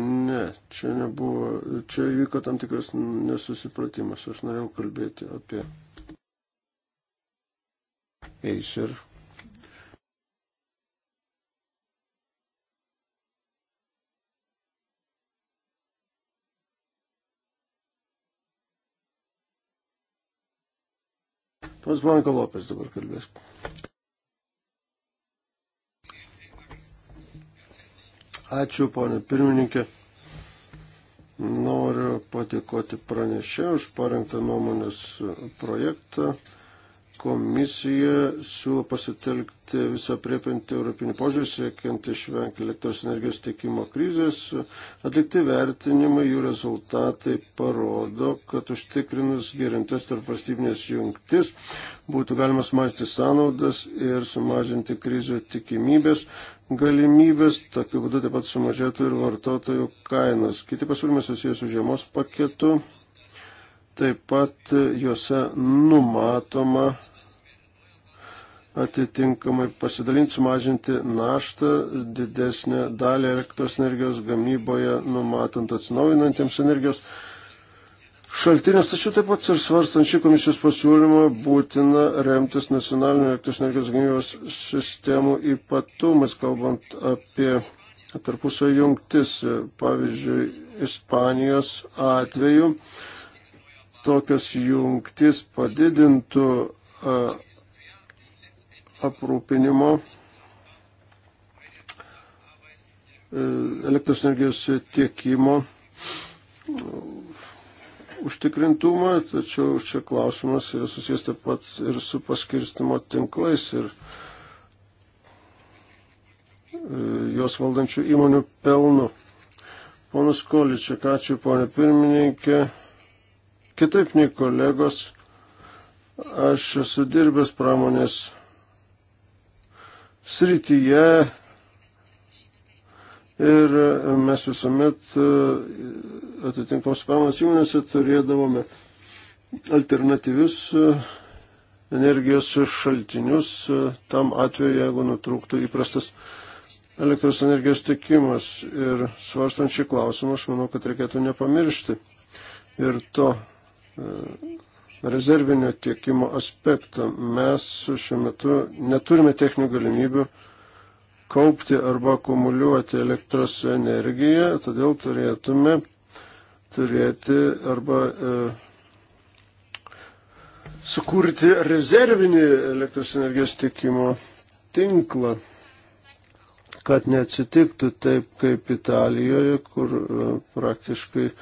Ne, čia nebuvo, čia įvyko tam tikras nesusipratimas, aš norėjau kalbėti apie Acer Pats Blanko Lopes dabar kalbės. Ačiū, ponė pirmininkė. Noriu patikoti pranešė už parengtą nuomonės projektą komisija siūlo pasitelkti visą priepinti europinį požiūrį, siekiant išvengti elektros energijos tiekimo krizės. Atlikti vertinimai, jų rezultatai parodo, kad užtikrinus gerintas tarp valstybinės jungtis būtų galima sumažinti sąnaudas ir sumažinti krizių tikimybės galimybės, tokiu būdu taip pat sumažėtų ir vartotojų kainos. Kiti pasiūlymai susijęs su žiemos paketu Taip pat juose numatoma atitinkamai pasidalinti, sumažinti naštą, didesnę dalį elektros energijos gamyboje, numatant atsinaujinantiems energijos šaltinius. Tačiau taip pat ir svarstant šį komisijos pasiūlymą būtina remtis nacionalinio elektros energijos gamybos sistemų ypatumais, kalbant apie tarpusio jungtis, pavyzdžiui, Ispanijos atveju tokios jungtis padidintų aprūpinimo e, elektros energijos tiekimo užtikrintumą, tačiau čia klausimas yra susijęs taip pat ir su paskirstimo tinklais ir e, jos valdančių įmonių pelnu. Ponas Količiak, ačiū ponė pirmininkė. Kitaip nei kolegos, aš esu dirbęs pramonės srityje ir mes visuomet e, atitinkamos pramonės įmonėse turėdavome alternatyvius e, energijos šaltinius e, tam atveju, jeigu nutrūktų įprastas elektros energijos tikimas. Ir svarstant šį klausimą, aš manau, kad reikėtų nepamiršti ir to E, rezervinio tiekimo aspektą. Mes šiuo metu neturime techninių galimybių kaupti arba akumuliuoti elektros energiją, todėl turėtume turėti arba e, sukurti rezervinį elektros energijos tiekimo tinklą, kad neatsitiktų taip kaip Italijoje, kur e, praktiškai e,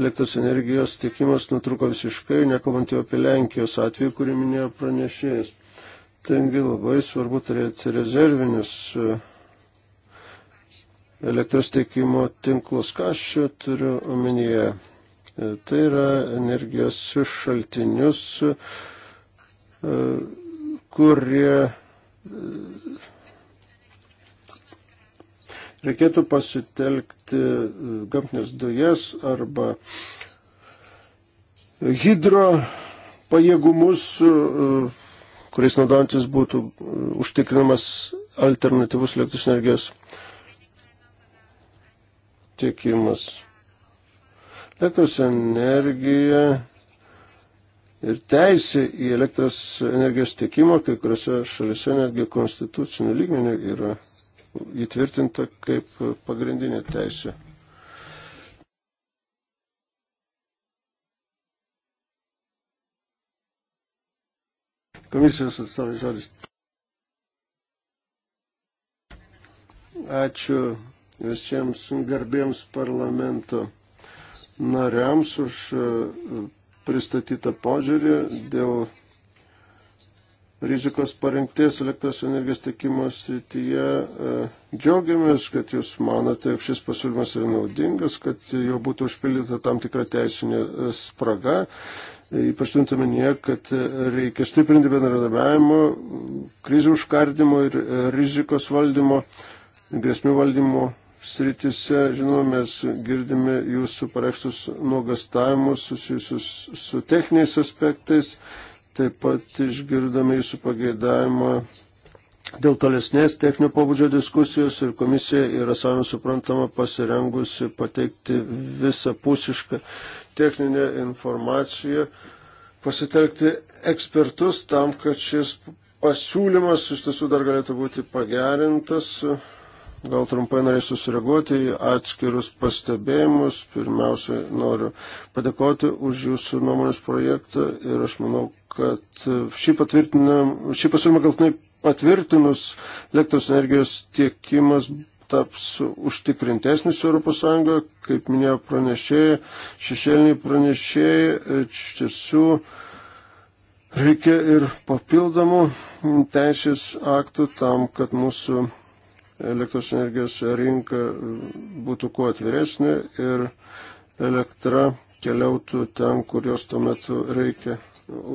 elektros energijos tiekimas nutruko visiškai, nekalbant jau apie Lenkijos atvejį, kurį minėjo pranešėjas. Taigi labai svarbu turėti rezervinius e, elektros tiekimo tinklus, ką aš čia turiu omenyje. E, tai yra energijos šaltinius, e, kurie reikėtų pasitelkti e, gamtinės dujas arba hidro pajėgumus, e, kuriais naudojantis būtų e, užtikrinamas alternatyvus elektros energijos tiekimas. Elektros energija ir teisė į elektros energijos tiekimą kai kuriuose šalise netgi konstitucinių lygmenių yra įtvirtinta kaip pagrindinė teisė. Komisijos atstovai žodis. Ačiū visiems garbiems parlamento nariams už e, pristatytą požiūrį dėl rizikos parengties elektros energijos tiekimo srityje. E, džiaugiamės, kad jūs manote, jog šis pasiūlymas yra naudingas, kad jo būtų užpildyta tam tikra teisinė e, spraga. E, ypač turint omenyje, kad reikia stiprinti bendradarbiavimo, krizių užkardimo ir rizikos valdymo, grėsmių valdymo sritise, žinoma, mes girdime jūsų pareikštus nuogastavimus susijusius su techniniais aspektais. Taip pat išgirdome jūsų pageidavimą dėl tolesnės techninio pobūdžio diskusijos ir komisija yra savai suprantama pasirengusi pateikti visapusišką techninę informaciją, pasitelkti ekspertus tam, kad šis pasiūlymas iš tiesų dar galėtų būti pagerintas. Gal trumpai norėsiu sureaguoti į atskirus pastebėjimus. Pirmiausia, noriu padėkoti už jūsų nuomonės projektą ir aš manau, kad šį, šį pasiūlymą galtinai patvirtinus elektros energijos tiekimas taps užtikrintesnis ES, kaip minėjo pranešėjai, šešėliniai pranešėjai, iš tiesų reikia ir papildomų teisės aktų tam, kad mūsų elektros energijos rinka būtų kuo atviresnė ir elektra keliautų ten, kur jos tuo metu reikia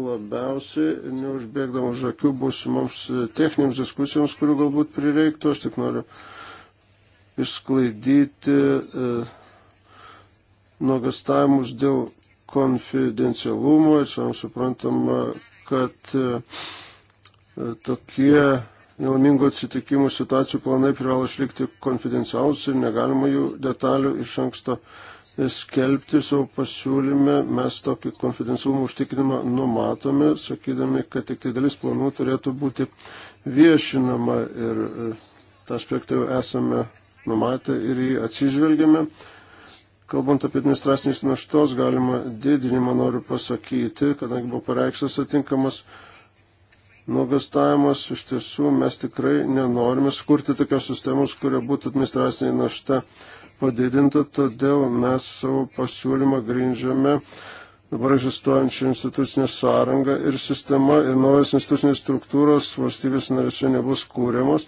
labiausiai, neužbėgdama už akių būsimoms techninėms diskusijoms, kurių galbūt prireiktų. Aš tik noriu išsklaidyti e, nuogastavimus dėl konfidencialumo ir savams suprantama, kad e, e, tokie nelaimingų atsitikimų situacijų planai privalo išlikti konfidencialus ir negalima jų detalių iš anksto skelbti savo pasiūlyme, mes tokį konfidencialumą užtikrinimą numatome, sakydami, kad tik tai dalis planų turėtų būti viešinama ir e, tą aspektą jau esame numatę ir jį atsižvelgiame. Kalbant apie administracinės naštos galima didinimą, noriu pasakyti, kadangi buvo pareikštas atinkamas nuogastavimas, iš tiesų mes tikrai nenorime skurti tokios sistemos, kuria būtų administracinė našta padidinta, todėl mes savo pasiūlymą grindžiame dabar egzistuojančią institucinę sąrangą ir sistemą ir naujas institucinės struktūros valstybės narėse nebus kūriamos.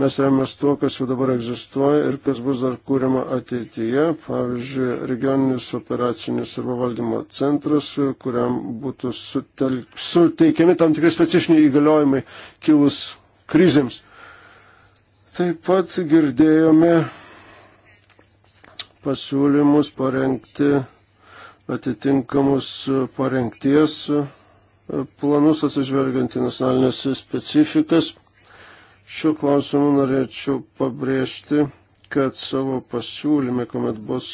Mes remiamės tuo, kas jau dabar egzistuoja ir kas bus dar kūriama ateityje. Pavyzdžiui, regioninis operacinis arba valdymo centras, kuriam būtų sutelk, suteikiami tam tikri specifiniai įgaliojimai kilus krizėms. Taip pat girdėjome pasiūlymus, parengti atitinkamus parengties planus atsižvelgiant į nacionalinės specifikas. Šiuo klausimu norėčiau pabrėžti, kad savo pasiūlyme, kuomet bus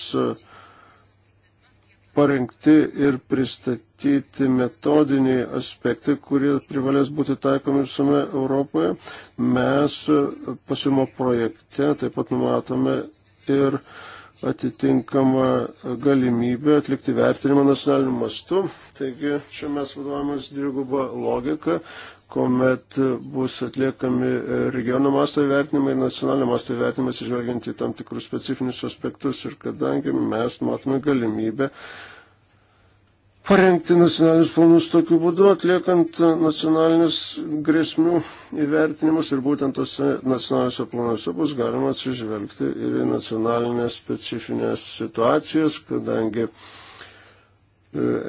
parengti ir pristatyti metodiniai aspektai, kurie privalės būti taikomi visame Europoje, mes pasiūlymo projekte taip pat numatome ir uh, atitinkamą galimybę atlikti vertinimą nacionaliniu mastu. Taigi čia mes vadovavomės dvigubą logiką, kuomet bus atliekami regiono masto įvertinimai ir nacionalinio masto įvertinimas, išvelgiant į tam tikrus specifinius aspektus. Ir kadangi mes matome galimybę parengti nacionalinius planus tokiu būdu, atliekant nacionalinius grėsmių įvertinimus ir būtent tose nacionaliniuose planuose bus galima atsižvelgti ir į nacionalinės specifinės situacijas, kadangi e,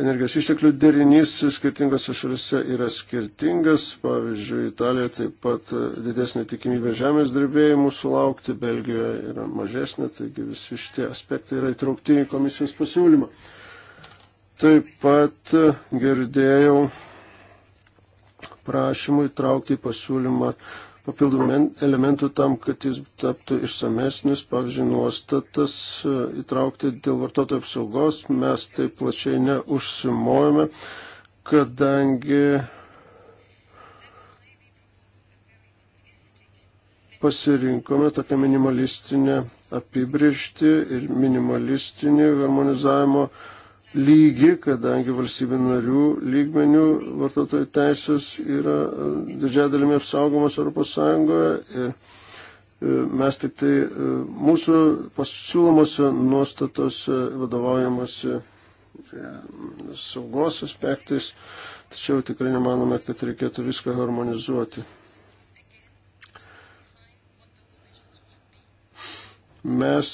energijos išteklių derinys skirtingose šalise yra skirtingas. Pavyzdžiui, Italijoje taip pat e, didesnė tikimybė žemės drebėjimų sulaukti, Belgijoje yra mažesnė, taigi visi šitie aspektai yra įtraukti į komisijos pasiūlymą. Taip pat girdėjau prašymų įtraukti į pasiūlymą papildomų elementų tam, kad jis taptų išsamesnis, pavyzdžiui, nuostatas e, įtraukti dėl vartotojų apsaugos. Mes taip plačiai neužsimojame, kadangi pasirinkome tokią minimalistinę apibriežtį ir minimalistinį harmonizavimo lygį, kadangi valstybių narių lygmenių vartotojų teisės yra e, didžiai dalimi apsaugomas Europos Sąjungoje. E, e, mes tik tai mūsų pasiūlomose nuostatose vadovaujamasi saugos aspektais, tačiau tikrai nemanome, kad reikėtų viską harmonizuoti. Mes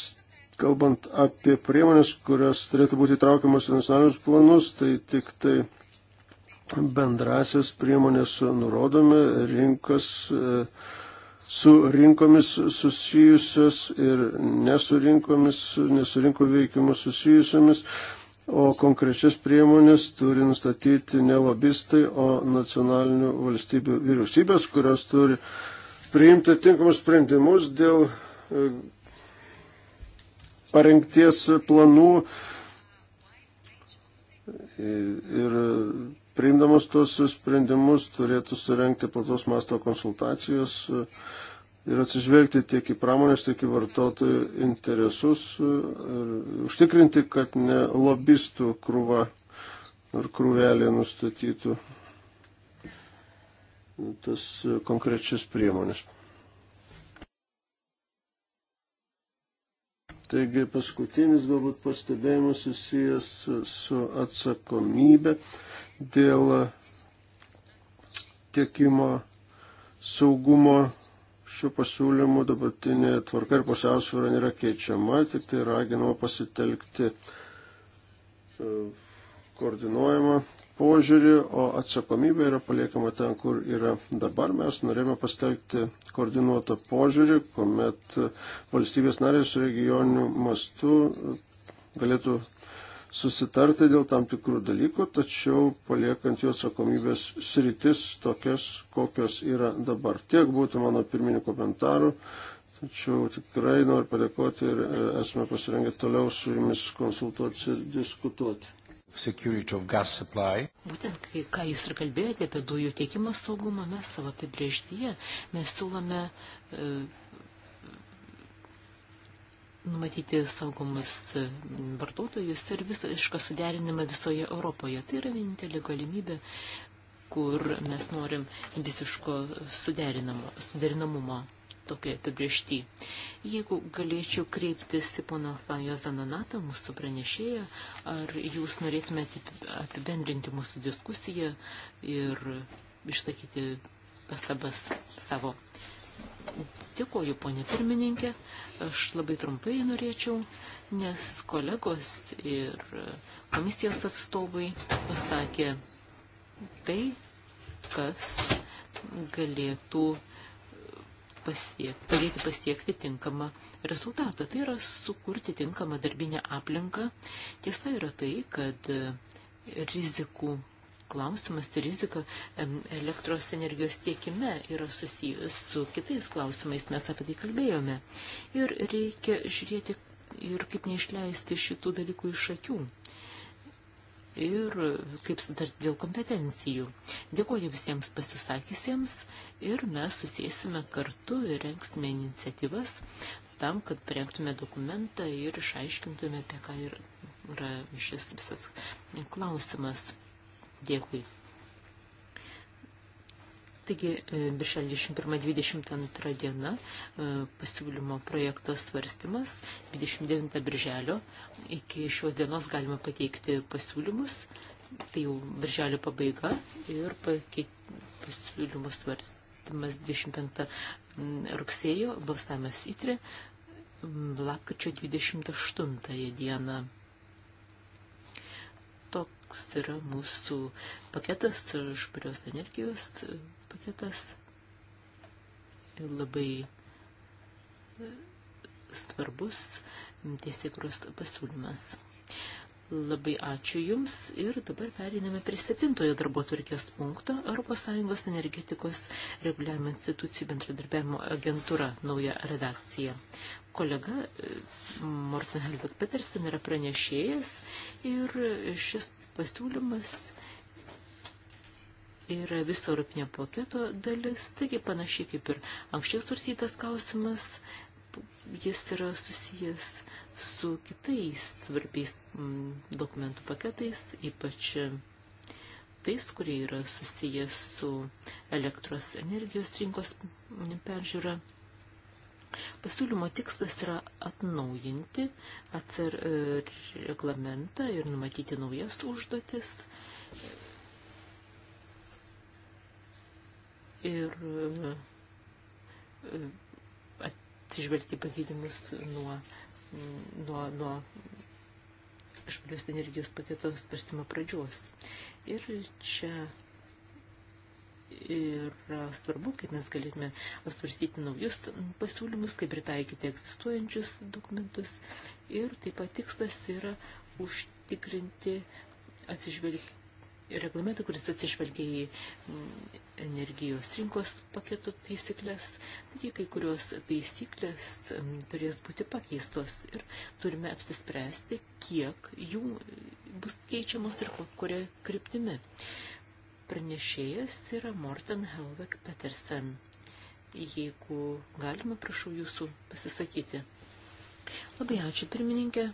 Kalbant apie priemonės, kurios turėtų būti traukiamas į nacionalinius planus, tai tik tai bendrasias priemonės nurodome, rinkas e, su rinkomis susijusios ir nesurinkomis, nesurinko veikimu susijusiamis. O konkrečias priemonės turi nustatyti ne lobistai, o nacionalinių valstybių vyriausybės, kurios turi priimti tinkamus sprendimus dėl e, parengties planų ir priimdamas tuos sprendimus turėtų surenkti platos masto konsultacijos ir atsižvelgti tiek į pramonės, tiek į vartotojų interesus ir užtikrinti, kad ne lobistų krūva ar krūvelė nustatytų tas konkrečias priemonės. Taigi paskutinis galbūt pastebėjimas susijęs su atsakomybė dėl tiekimo saugumo šių pasiūlymų dabartinė tvarka ir pusiausvėra nėra keičiama, tik tai raginama pasitelkti e, koordinuojamą požiūrį, o atsakomybė yra paliekama ten, kur yra dabar. Mes norėjome pastelgti koordinuotą požiūrį, kuomet valstybės narės regioninių mastų galėtų susitarti dėl tam tikrų dalykų, tačiau paliekant jų atsakomybės sritis tokias, kokios yra dabar. Tiek būtų mano pirminių komentarų. Tačiau tikrai noriu padėkoti ir e, esame pasirengę toliau su jumis konsultuoti ir diskutuoti. Būtent, kai, ką jūs ir kalbėjote apie dujų tiekimo saugumą, mes savo apibrėžtyje, mes siūlome e, numatyti saugomus e, vartotojus ir visišką suderinimą visoje Europoje. Tai yra vienintelė galimybė, kur mes norim visiško suderinamumo tokia apibriešti. Jeigu galėčiau kreiptis į poną Fajozą Nanatą, mūsų pranešėją, ar jūs norėtumėte apibendrinti mūsų diskusiją ir išsakyti pastabas savo. Dėkuoju, ponė pirmininkė. Aš labai trumpai norėčiau, nes kolegos ir komisijos atstovai pasakė tai, kas galėtų pasiekti, padėti pasiekti tinkamą rezultatą. Tai yra sukurti tinkamą darbinę aplinką. Tiesa yra tai, kad e, rizikų klausimas, tai rizika elektros energijos tiekime yra susijęs su kitais klausimais, mes apie tai kalbėjome. Ir reikia žiūrėti ir kaip neišleisti šitų dalykų iš akių ir kaip sutarti dėl kompetencijų. Dėkuoju visiems pasisakysiems ir mes susėsime kartu ir rengsime iniciatyvas tam, kad parengtume dokumentą ir išaiškintume, apie ką yra šis visas klausimas. Dėkui. Taigi, e, birželio 21-22 diena e, pasiūlymo projekto svarstymas, 29 birželio iki šios dienos galima pateikti pasiūlymus, tai jau birželio pabaiga ir pasiūlymų svarstymas 25 mm, rugsėjo, balsavimas įtrė, mm, lapkačio 28 dieną toks yra mūsų paketas švarios energijos paketas labai svarbus teisėkros pasiūlymas. Labai ačiū Jums ir dabar periname prie septintojo darbo tvarkės punkto ES energetikos reguliavimo institucijų bendradarbiavimo agentūra nauja redakcija. Kolega e, Morten Helvek Petersen yra pranešėjas ir šis pasiūlymas yra viso europinio paketo dalis, taigi panašiai kaip ir anksčiau svarstytas klausimas, jis yra susijęs su kitais svarbiais mm, dokumentų paketais, ypač tais, kurie yra susijęs su elektros energijos rinkos mm, peržiūra. Pasiūlymo tikslas yra atnaujinti atsar e, reglamentą ir numatyti naujas užduotis ir e, atsižvelgti pakeitimus nuo, nuo, nuo švarios energijos paketo svarstymo pradžios. Ir čia yra svarbu, kaip mes galėtume svarstyti naujus pasiūlymus, kaip pritaikyti egzistuojančius dokumentus. Ir taip pat tikslas yra užtikrinti atsižvelgti reglamentą, kuris atsižvelgia į mm, energijos rinkos paketų taisyklės, taigi kai kurios taisyklės mm, turės būti pakeistos ir turime apsispręsti, kiek jų bus keičiamos ir kuria kryptimi. Pranešėjas yra Morten Helvek Petersen. Jeigu galima, prašau jūsų pasisakyti. Labai ačiū, pirmininkė.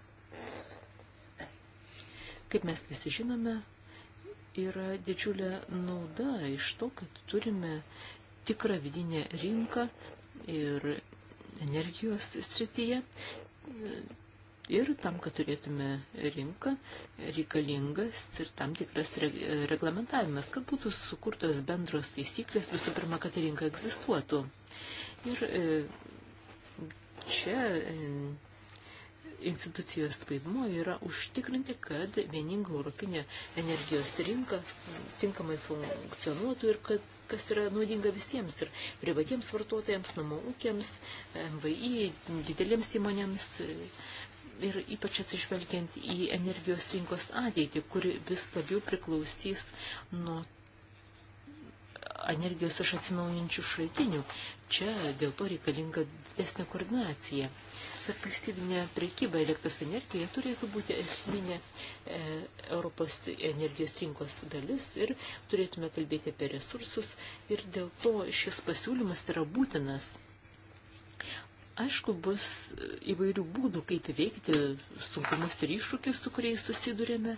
Kaip mes visi žinome, yra didžiulė nauda iš to, kad turime tikrą vidinę rinką ir energijos srityje. Ir tam, kad turėtume rinką, reikalingas ir tam tikras reglamentavimas, kad būtų sukurtos bendros taisyklės, visų pirma, kad rinka egzistuotų. Ir e, čia institucijos vaidmuo yra užtikrinti, kad vieninga europinė energijos rinka tinkamai funkcionuotų ir kad kas yra naudinga visiems ir privatiems vartotojams, namų ūkiams, MVI, didelėms įmonėms ir ypač atsižvelgiant į energijos rinkos ateitį, kuri vis labiau priklausys nuo energijos iš atsinaujinčių šaltinių. Čia dėl to reikalinga didesnė koordinacija tarp valstybinė prekyba elektros energija turėtų būti esminė e, Europos energijos rinkos dalis ir turėtume kalbėti apie resursus ir dėl to šis pasiūlymas yra būtinas. Aišku, bus įvairių būdų, kaip įveikti sunkumus ir iššūkius, su kuriais susidurėme.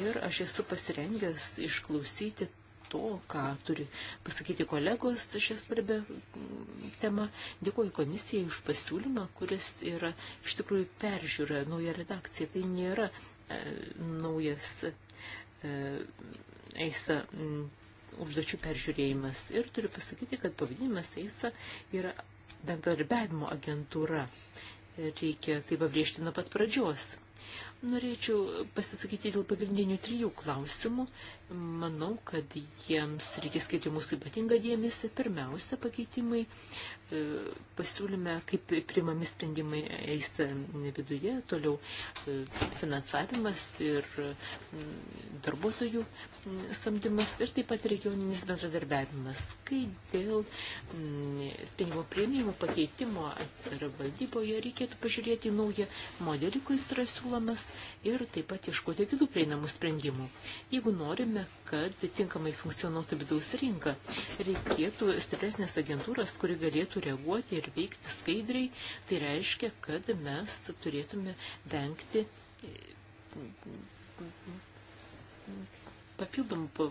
Ir aš esu pasirengęs išklausyti to, ką turi pasakyti kolegos šią svarbę mm, temą. Dėkuoju komisijai už pasiūlymą, kuris yra iš tikrųjų peržiūra, nauja redakcija. Tai nėra e, naujas e, eisa. M, mm, užduočių peržiūrėjimas. Ir turiu pasakyti, kad pavadinimas EISA yra bendradarbiavimo agentūra reikia tai pabrėžti nuo pat pradžios. Norėčiau pasisakyti dėl pagrindinių trijų klausimų Manau, kad jiems reikia skirti mūsų ypatingą dėmesį. Pirmiausia, pakeitimai e, pasiūlyme, kaip primami sprendimai eis viduje, toliau e, finansavimas ir mm, darbuotojų mm, samdymas ir taip pat regioninis bendradarbiavimas. Kai dėl mm, sprendimo prieimimo pakeitimo atsara valdyboje reikėtų pažiūrėti naują modelį, kuris yra siūlomas ir taip pat ieškoti kitų prieinamų sprendimų. Jeigu norime, norime, kad tinkamai funkcionuotų vidaus rinka. Reikėtų stipresnės agentūros, kuri galėtų reaguoti ir veikti skaidriai. Tai reiškia, kad mes turėtume vengti papildomų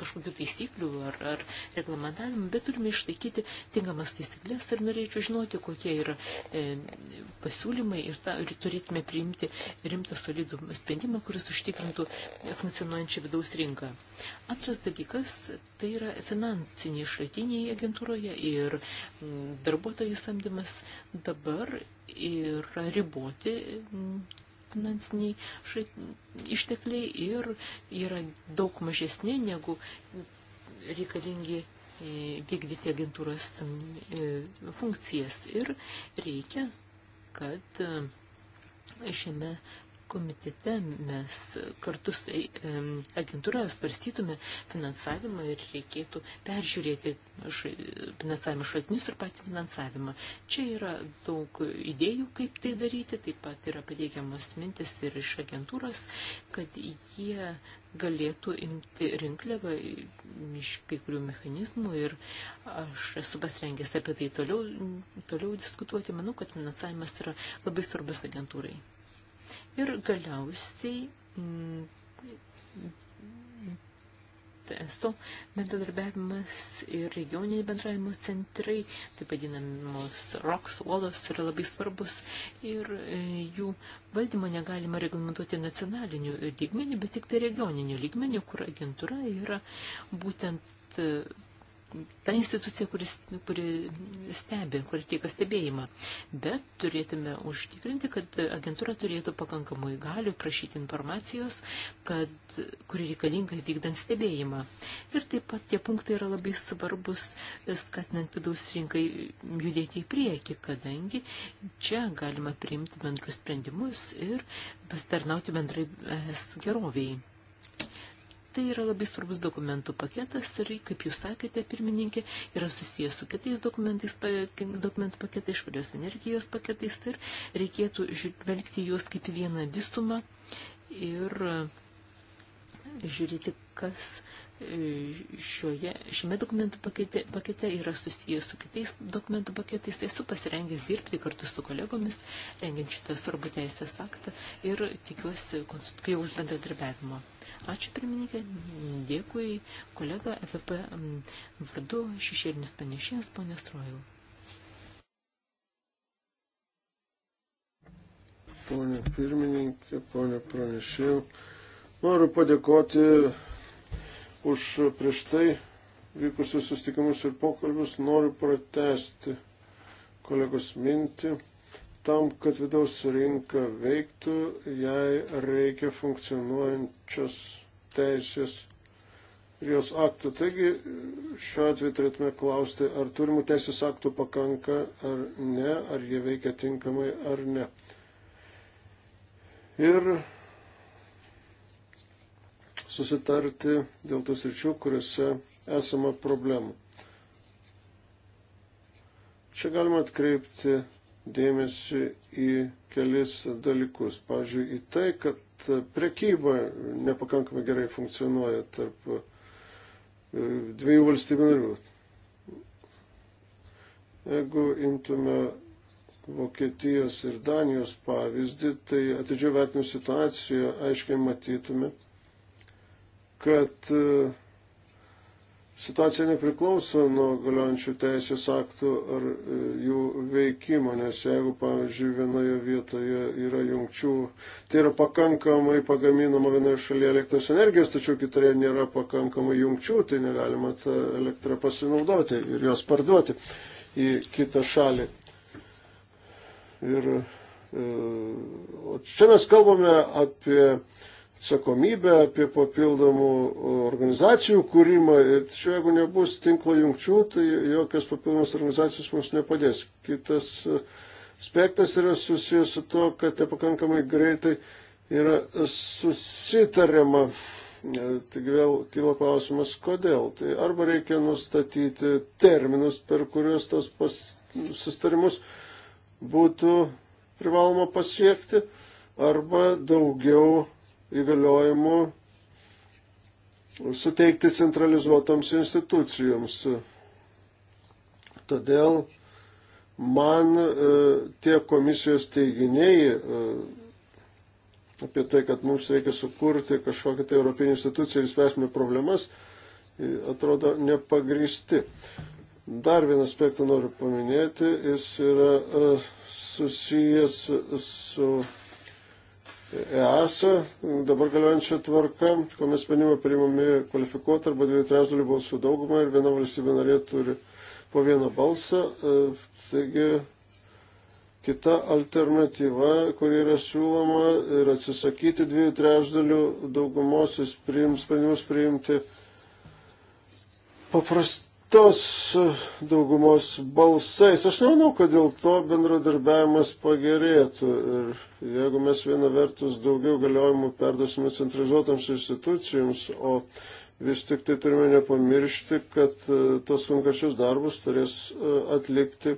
kažkokių taisyklių ar, ar reglamentavimų, bet turime išlaikyti tinkamas taisyklės ir norėčiau žinoti, kokie yra e, pasiūlymai ir, ta, ir turėtume priimti rimtą solidų sprendimą, kuris užtikrintų funkcionuojančią vidaus rinką. Antras dalykas tai yra finansiniai šaltiniai agentūroje ir mm, darbuotojų samdymas dabar yra riboti mm, finansiniai šit, ištekliai ir yra daug mažesni negu reikalingi e, vykdyti agentūros e, funkcijas ir reikia, kad e, šiame komitete mes kartu su e, agentūra svarstytume finansavimą ir reikėtų peržiūrėti finansavimo šaltinius ir patį finansavimą. Čia yra daug idėjų, kaip tai daryti, taip pat yra pateikiamos mintis ir iš agentūros, kad jie galėtų imti rinkliavą iš kai kurių mechanizmų ir aš esu pasirengęs apie tai toliau, toliau diskutuoti. Manau, kad finansavimas yra labai svarbus agentūrai. Ir galiausiai mm, testo bendradarbiavimas ir regioniniai bendravimo centrai, taip vadinamos ROKS uolos, yra labai svarbus ir e, jų valdymo negalima reglamentuoti nacionaliniu lygmeniu, bet tik tai regioniniu lygmeniu, kur agentūra yra būtent e, ta institucija, kuris, kuri stebi, kuri teika stebėjimą. Bet turėtume užtikrinti, kad agentūra turėtų pakankamai galių prašyti informacijos, kad, kuri reikalinga vykdant stebėjimą. Ir taip pat tie punktai yra labai svarbus, skatinant vidaus rinkai judėti į priekį, kadangi čia galima priimti bendrus sprendimus ir pasitarnauti bendrai geroviai. Tai yra labai svarbus dokumentų paketas ir, kaip jūs sakėte, pirmininkė, yra susijęs su kitais dokumentais, dokumentų paketais, švarios energijos paketais ir reikėtų žvelgti juos kaip vieną visumą ir e, žiūrėti, kas e, šioje, šiame dokumentų pakete, pakete yra susijęs su kitais dokumentų paketais. Esu pasirengęs dirbti kartu su kolegomis, rengiant šitą svarbų teisės aktą ir tikiuosi konstruktyvaus bendradarbiavimo. Ačiū pirmininkė, dėkui kolega FP e vardu šešėlinis panešėjas, ponė Strojau. Pone pirmininkė, ponė pranešėjau, noriu padėkoti už prieš tai vykusius sustikimus ir pokalbius, noriu pratesti kolegos mintį Tam, kad vidaus rinka veiktų, jai reikia funkcionuojančios teisės ir jos aktų. Taigi šiuo atveju turėtume klausti, ar turimų teisės aktų pakanka ar ne, ar jie veikia tinkamai ar ne. Ir susitarti dėl tų sričių, kuriuose esama problemų. Čia galima atkreipti dėmesį į kelis dalykus. Pavyzdžiui, į tai, kad prekyba nepakankamai gerai funkcionuoja tarp e, dviejų valstybių narių. Jeigu imtume Vokietijos ir Danijos pavyzdį, tai atidžiai vertinus situaciją aiškiai matytume, kad uh, situacija nepriklauso nuo galiojančių teisės aktų ar e, jų veikimo, nes jeigu, pavyzdžiui, vienoje vietoje yra jungčių, tai yra pakankamai pagaminama vienoje šalyje elektros energijos, tačiau kitoje nėra pakankamai jungčių, tai negalima tą elektrą pasinaudoti ir jos parduoti į kitą šalį. Ir, e, o čia mes kalbame apie atsakomybę, apie papildomų organizacijų kūrimą. Ir tačiau jeigu nebus tinklo jungčių, tai jokios papildomos organizacijos mums nepadės. Kitas aspektas yra susijęs su to, kad nepakankamai greitai yra susitariama. Tik vėl kilo klausimas, kodėl. Tai arba reikia nustatyti terminus, per kuriuos tos pas, sustarimus būtų privaloma pasiekti, arba daugiau įgaliojimų suteikti centralizuotoms institucijoms. Todėl man e, tie komisijos teiginiai e, apie tai, kad mums reikia sukurti kažkokią tai Europinį instituciją ir spręsime problemas, e, atrodo nepagristi. Dar vieną aspektą noriu paminėti, jis yra susijęs su. su EASA, dabar galiojančia tvarka, kuomet sprendimai priimami kvalifikuoti arba dviejų trečdalių balsų daugumą ir viena valstybė narė turi po vieną balsą. E, taigi kita alternatyva, kuri yra siūloma, yra atsisakyti dviejų trečdalių daugumos ir priim, sprendimus priimti paprast, kitos daugumos balsais. Aš nemanau, kad dėl to bendradarbiavimas pagerėtų. Ir jeigu mes viena vertus daugiau galiojimų perduosime centralizuotams institucijoms, o vis tik tai turime nepamiršti, kad e, tos konkrečius darbus turės e, atlikti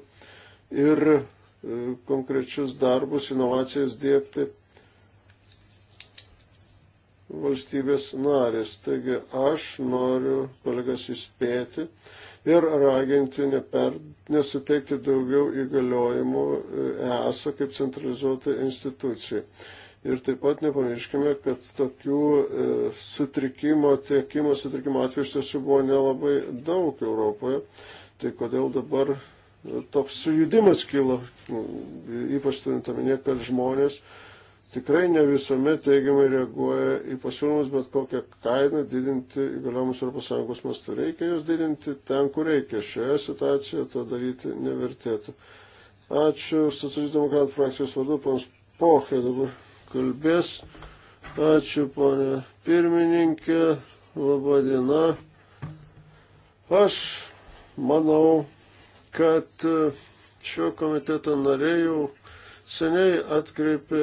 ir e, konkrečius darbus, inovacijas dėkti valstybės narės. Taigi aš noriu kolegas įspėti ir raginti neper, nesuteikti daugiau įgaliojimų ESA kaip centralizuotai institucijai. Ir taip pat nepamirškime, kad tokių e, sutrikimo, tiekimo sutrikimo atveju iš tiesų buvo nelabai daug Europoje. Tai kodėl dabar e, toks sujudimas kilo, ypač turint omenyje, kad žmonės e, tikrai ne visuomet teigiamai reaguoja į pasiūlymus, bet kokią kainą didinti įgaliojimus ES mastu. Reikia jas didinti ten, kur reikia. Šioje situacijoje to daryti nevertėtų. Ačiū socialdemokratų frakcijos vadu, pons Pohė dabar kalbės. Ačiū, ponė pirmininkė. Labą dieną. Aš manau, kad šio komiteto nariai jau seniai atkreipė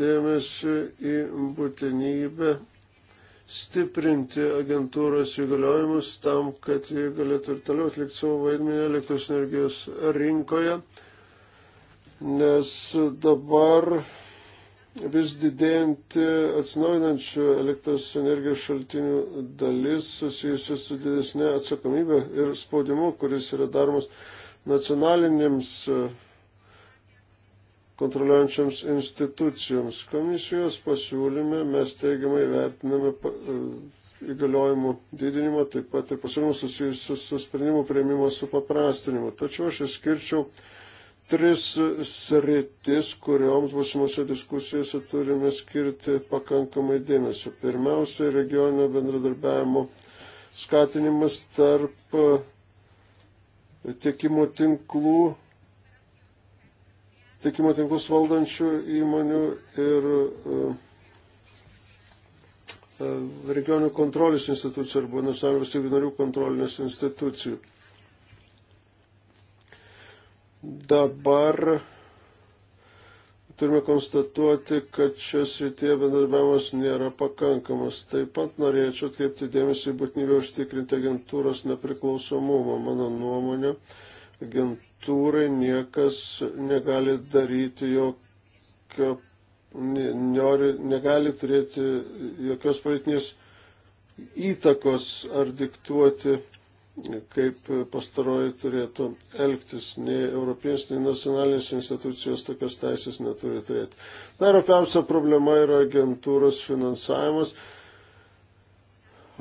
dėmesį į būtinybę stiprinti agentūros įgaliojimus tam, kad jie galėtų ir toliau atlikti savo vaidmenį elektros energijos rinkoje, nes dabar vis didėjanti atsinaujinančių elektros energijos šaltinių dalis susijusi su didesnė atsakomybė ir spaudimu, kuris yra daromas nacionalinėms kontroliuojančiams institucijoms. Komisijos pasiūlyme mes teigiamai vertiname e, įgaliojimų didinimą, taip pat ir pasiūlymus susijusius su sprendimų prieimimo supaprastinimu. Tačiau aš išskirčiau tris sritis, kurioms būsimose diskusijose turime skirti pakankamai dėmesio. Pirmiausia, regioninio bendradarbiavimo skatinimas tarp tiekimo tinklų tiekimo tinklus valdančių įmonių ir e, e, regionių kontrolės institucijų arba nacionalinių valstybių narių kontrolinės institucijų. Dabar turime konstatuoti, kad šios rytie bendarbiavimas nėra pakankamas. Taip pat norėčiau atkreipti dėmesį į būtinybę užtikrinti agentūros nepriklausomumą. Mano nuomonė, agentūros agentūrai niekas negali daryti jokio, nori, negali turėti jokios politinės įtakos ar diktuoti, kaip pastaroji turėtų elgtis. Nei Europinės, nei nacionalinės institucijos tokios teisės neturi turėti. Dar opiausia problema yra agentūros finansavimas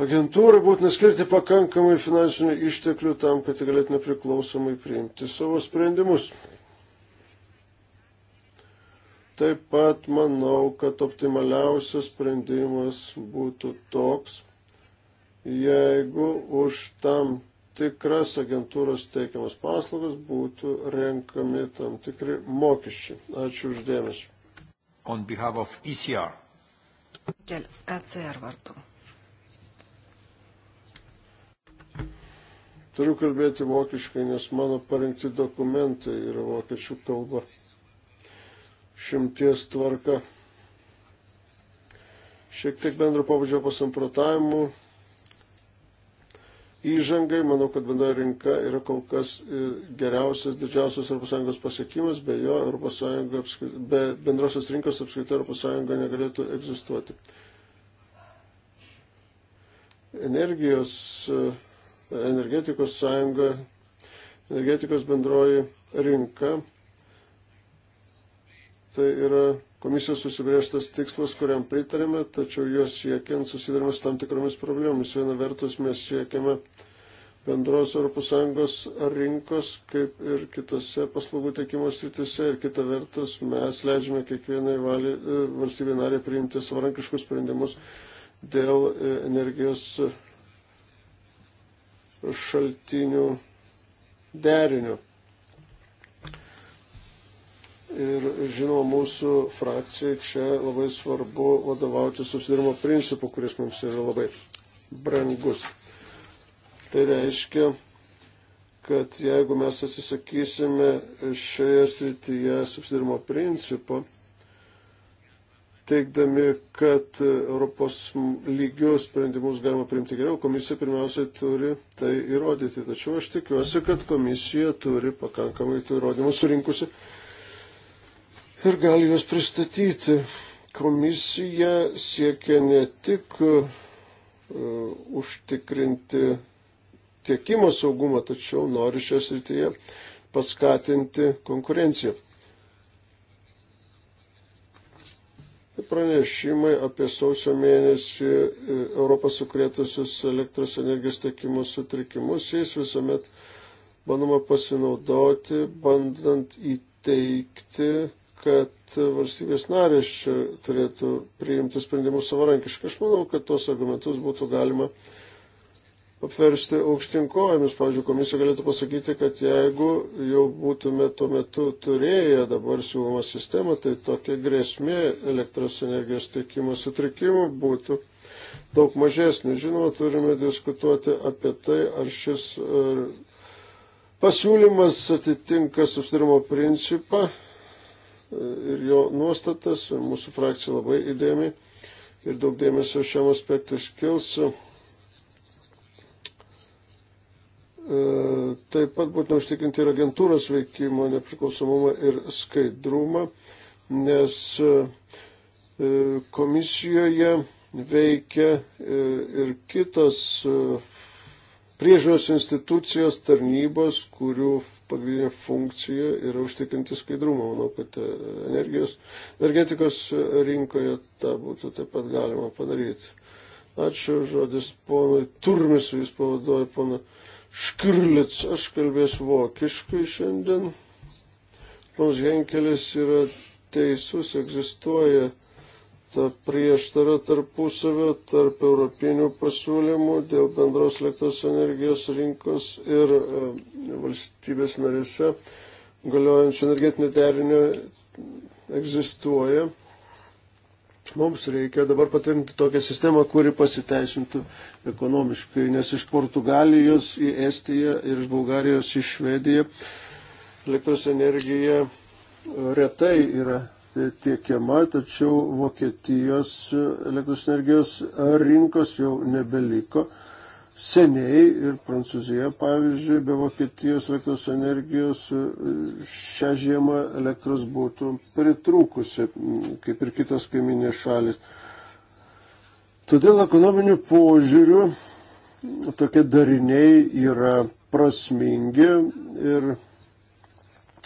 Agentūrai būtina skirti pakankamai finansinių išteklių tam, kad galėtume priklausomai priimti savo sprendimus. Taip pat manau, kad optimaliausias sprendimas būtų toks, jeigu už tam tikras agentūros teikiamas paslaugas būtų renkami tam tikri mokesčiai. Ačiū uždėmesi. On behalf of ECR. ECR e vartų. Turiu kalbėti vokiškai, nes mano parengti dokumentai yra vokiečių kalba. Šimties tvarka. Šiek tiek bendro pabudžio pasamprotavimų. Įžangai, manau, kad bendra rinka yra kol kas e, geriausias, didžiausias ES pasiekimas, be jo ES, be bendrosios rinkos apskritai ES negalėtų egzistuoti. Energijos uh, energetikos sąjunga, energetikos bendroji rinka. Tai yra komisijos susibrėžtas tikslas, kuriam pritarėme, tačiau juos siekiant susidarėme su tam tikromis problemomis. Viena vertus mes siekiame bendros ES rinkos, kaip ir kitose paslaugų teikimo sritise, ir kita vertus mes leidžiame kiekvienai e, valstybė narė priimti savarankiškus sprendimus dėl e, energijos šaltinių deriniu. Ir žinoma, mūsų frakcijai čia labai svarbu vadovauti susidarimo principu, kuris mums yra labai brangus. Tai reiškia, kad jeigu mes atsisakysime šioje srityje susidarimo principo, teikdami, kad Europos lygių sprendimus galima priimti geriau, komisija pirmiausiai turi tai įrodyti. Tačiau aš tikiuosi, kad komisija turi pakankamai tų įrodymų surinkusi ir gali juos pristatyti. Komisija siekia ne tik uh, užtikrinti tiekimo saugumą, tačiau nori šią srityje paskatinti konkurenciją. Pranešimai apie sausio mėnesį e, Europos sukrėtusius elektros energijos tiekimo sutrikimus, jais visuomet bandoma pasinaudoti, bandant įteikti, kad valstybės narės čia turėtų priimti sprendimus savarankiškai. Aš manau, kad tos argumentus būtų galima uh, apversti aukštinkojomis. Pavyzdžiui, komisija galėtų pasakyti, kad jeigu jau būtume tuo metu turėję dabar siūlomą sistemą, tai tokia grėsmė elektros energijos tiekimo sutrikimų būtų daug mažesnė. Žinoma, turime diskutuoti apie tai, ar šis ar pasiūlymas atitinka susitarimo principą ir jo nuostatas. Ir mūsų frakcija labai įdėmiai ir daug dėmesio šiam aspektui skils E, taip pat būtina užtikrinti ir agentūros veikimo nepriklausomumą ir skaidrumą, nes e, e, komisijoje veikia ir kitos priežiūros institucijos tarnybos, kurių pagrindinė funkcija yra užtikrinti skaidrumą. Manau, kad energijos, energetikos rinkoje tą būtų taip pat galima padaryti. Ačiū žodis ponui Turmisui, jis pavaduoja poną. Pana Škrlic, aš kalbėsiu vokiškai šiandien. Pons Henkelis yra teisus, egzistuoja ta prieštara tarpusavio tarp europinių pasiūlymų dėl bendros elektros energijos rinkos ir e, valstybės narėse galiojančio energetinio derinio egzistuoja. Mums reikia dabar patvirtinti tokią sistemą, kuri pasiteisintų ekonomiškai, nes iš Portugalijos į Estiją ir iš Bulgarijos į Švediją elektros energija e, retai yra e, tiekiama, tačiau Vokietijos e, elektros energijos rinkos jau nebeliko seniai ir Prancūzija, pavyzdžiui, be Vokietijos elektros energijos šią žiemą elektros būtų pritrūkusi, kaip ir kitos kaiminės šalis. Todėl ekonominių požiūrių tokie dariniai yra prasmingi ir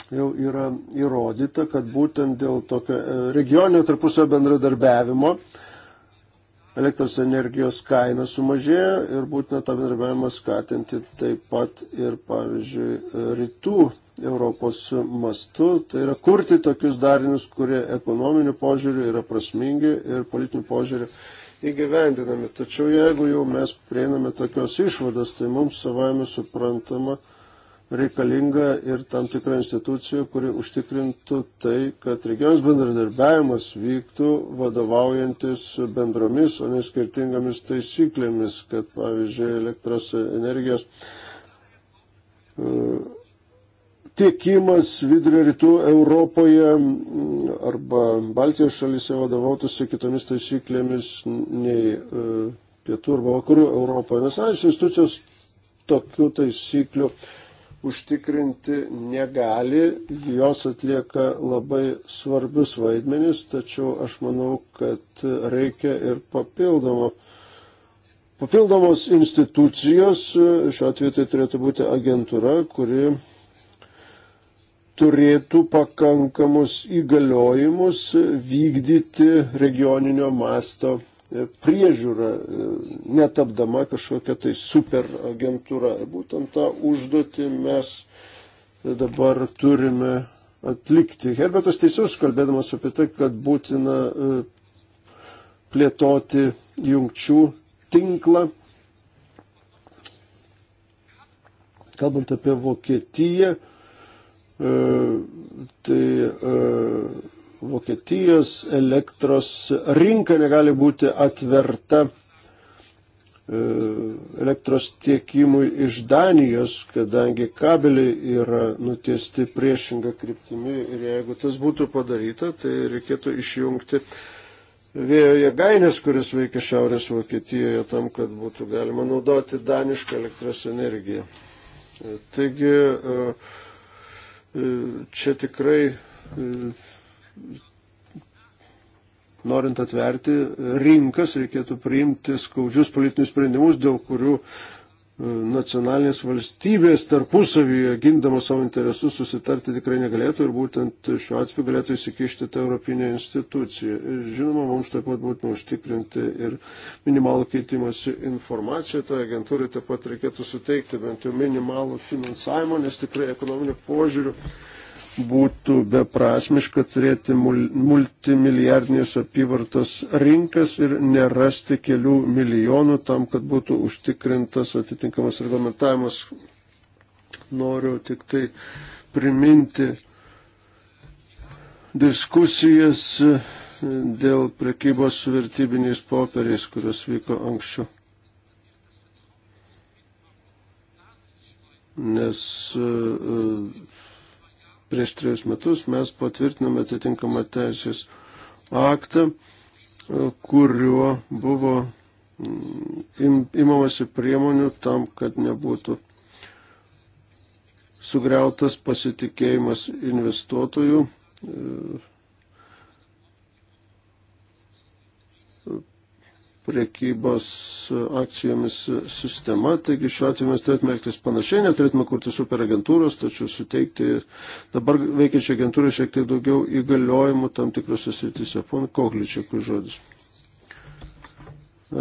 jau yra įrodyta, kad būtent dėl tokio e, regioninio tarpusio bendradarbiavimo elektros energijos kaina sumažėjo ir būtina tą bendradarbiavimą skatinti taip pat ir, pavyzdžiui, rytų Europos mastu. Tai yra kurti tokius darinius, kurie ekonominiu požiūriu yra prasmingi ir politiniu požiūriu įgyvendinami. Tačiau jeigu jau mes prieiname tokios išvados, tai mums savame suprantama, reikalinga ir tam tikra institucija, kuri užtikrintų tai, kad regioninis bendradarbiavimas vyktų vadovaujantis bendromis, o ne skirtingomis taisyklėmis, kad pavyzdžiui elektros energijos e, tiekimas vidurio rytų Europoje mm, arba Baltijos šalyse vadovautųsi kitomis taisyklėmis nei e, pietų arba vakarų Europoje. Nes aišku, institucijos tokių taisyklių užtikrinti negali, jos atlieka labai svarbius vaidmenis, tačiau aš manau, kad reikia ir papildomo. Papildomos institucijos, šiuo atveju tai turėtų būti agentūra, kuri turėtų pakankamus įgaliojimus vykdyti regioninio masto E, priežiūra, e, netapdama kažkokia tai superagentūra. Ir būtent tą užduotį mes dabar turime atlikti. Herbertas teisus, kalbėdamas apie tai, kad būtina e, plėtoti jungčių tinklą. Kalbant apie Vokietiją, tai Vokietijos elektros rinka negali būti atverta e, elektros tiekimui iš Danijos, kadangi kabeliai yra nutiesti priešingą kryptimį ir jeigu tas būtų padaryta, tai reikėtų išjungti vėjo jėgainės, kuris veikia Šiaurės Vokietijoje tam, kad būtų galima naudoti danišką elektros energiją. E, taigi e, čia tikrai norint atverti rinkas, reikėtų priimti skaudžius politinius sprendimus, dėl kurių e, nacionalinės valstybės tarpusavyje gindamos savo interesus susitarti tikrai negalėtų ir būtent šiuo atveju galėtų įsikišti ta Europinė institucija. Ir žinoma, mums taip pat būtina užtikrinti ir minimalų keitimąsi informaciją, tai agentūrai taip pat reikėtų suteikti bent jau minimalų finansavimą, nes tikrai ekonominių požiūrių būtų beprasmiška turėti multimilijardinės apyvartos rinkas ir nerasti kelių milijonų tam, kad būtų užtikrintas atitinkamas reglamentavimas. Noriu tik tai priminti diskusijas dėl prekybos su vertybiniais popieriais, kurios vyko anksčiau. Nes uh, prieš trejus metus mes patvirtinome atitinkamą teisės aktą, e, kuriuo buvo mm, imamasi priemonių tam, kad nebūtų sugriautas pasitikėjimas investuotojų e, priekybos akcijomis sistema, taigi šiuo atveju mes turėtume elgtis panašiai, neturėtume kurti superagentūros, tačiau suteikti dabar veikiančią agentūrą šiek tiek daugiau įgaliojimų tam tikrose srityse. Pone Kokličiakui žodis.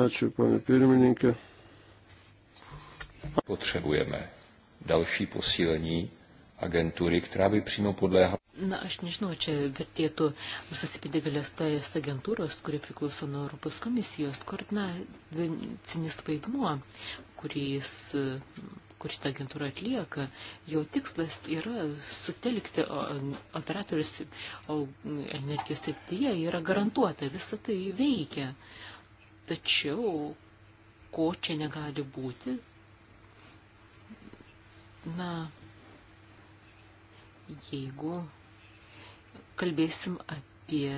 Ačiū, pane pirmininkė. Potřebujeme další posílení agentury, která by přímo podléhala. Na, aš nežinau, čia vertėtų susipinti galės tais agentūros, kuri priklauso nuo Europos komisijos, koordinacinis vaidmuo, kuris kur šitą agentūrą atlieka, jo tikslas yra sutelkti operatorius energijos srityje, yra garantuota, visa tai veikia. Tačiau, ko čia negali būti? Na, jeigu kalbėsim apie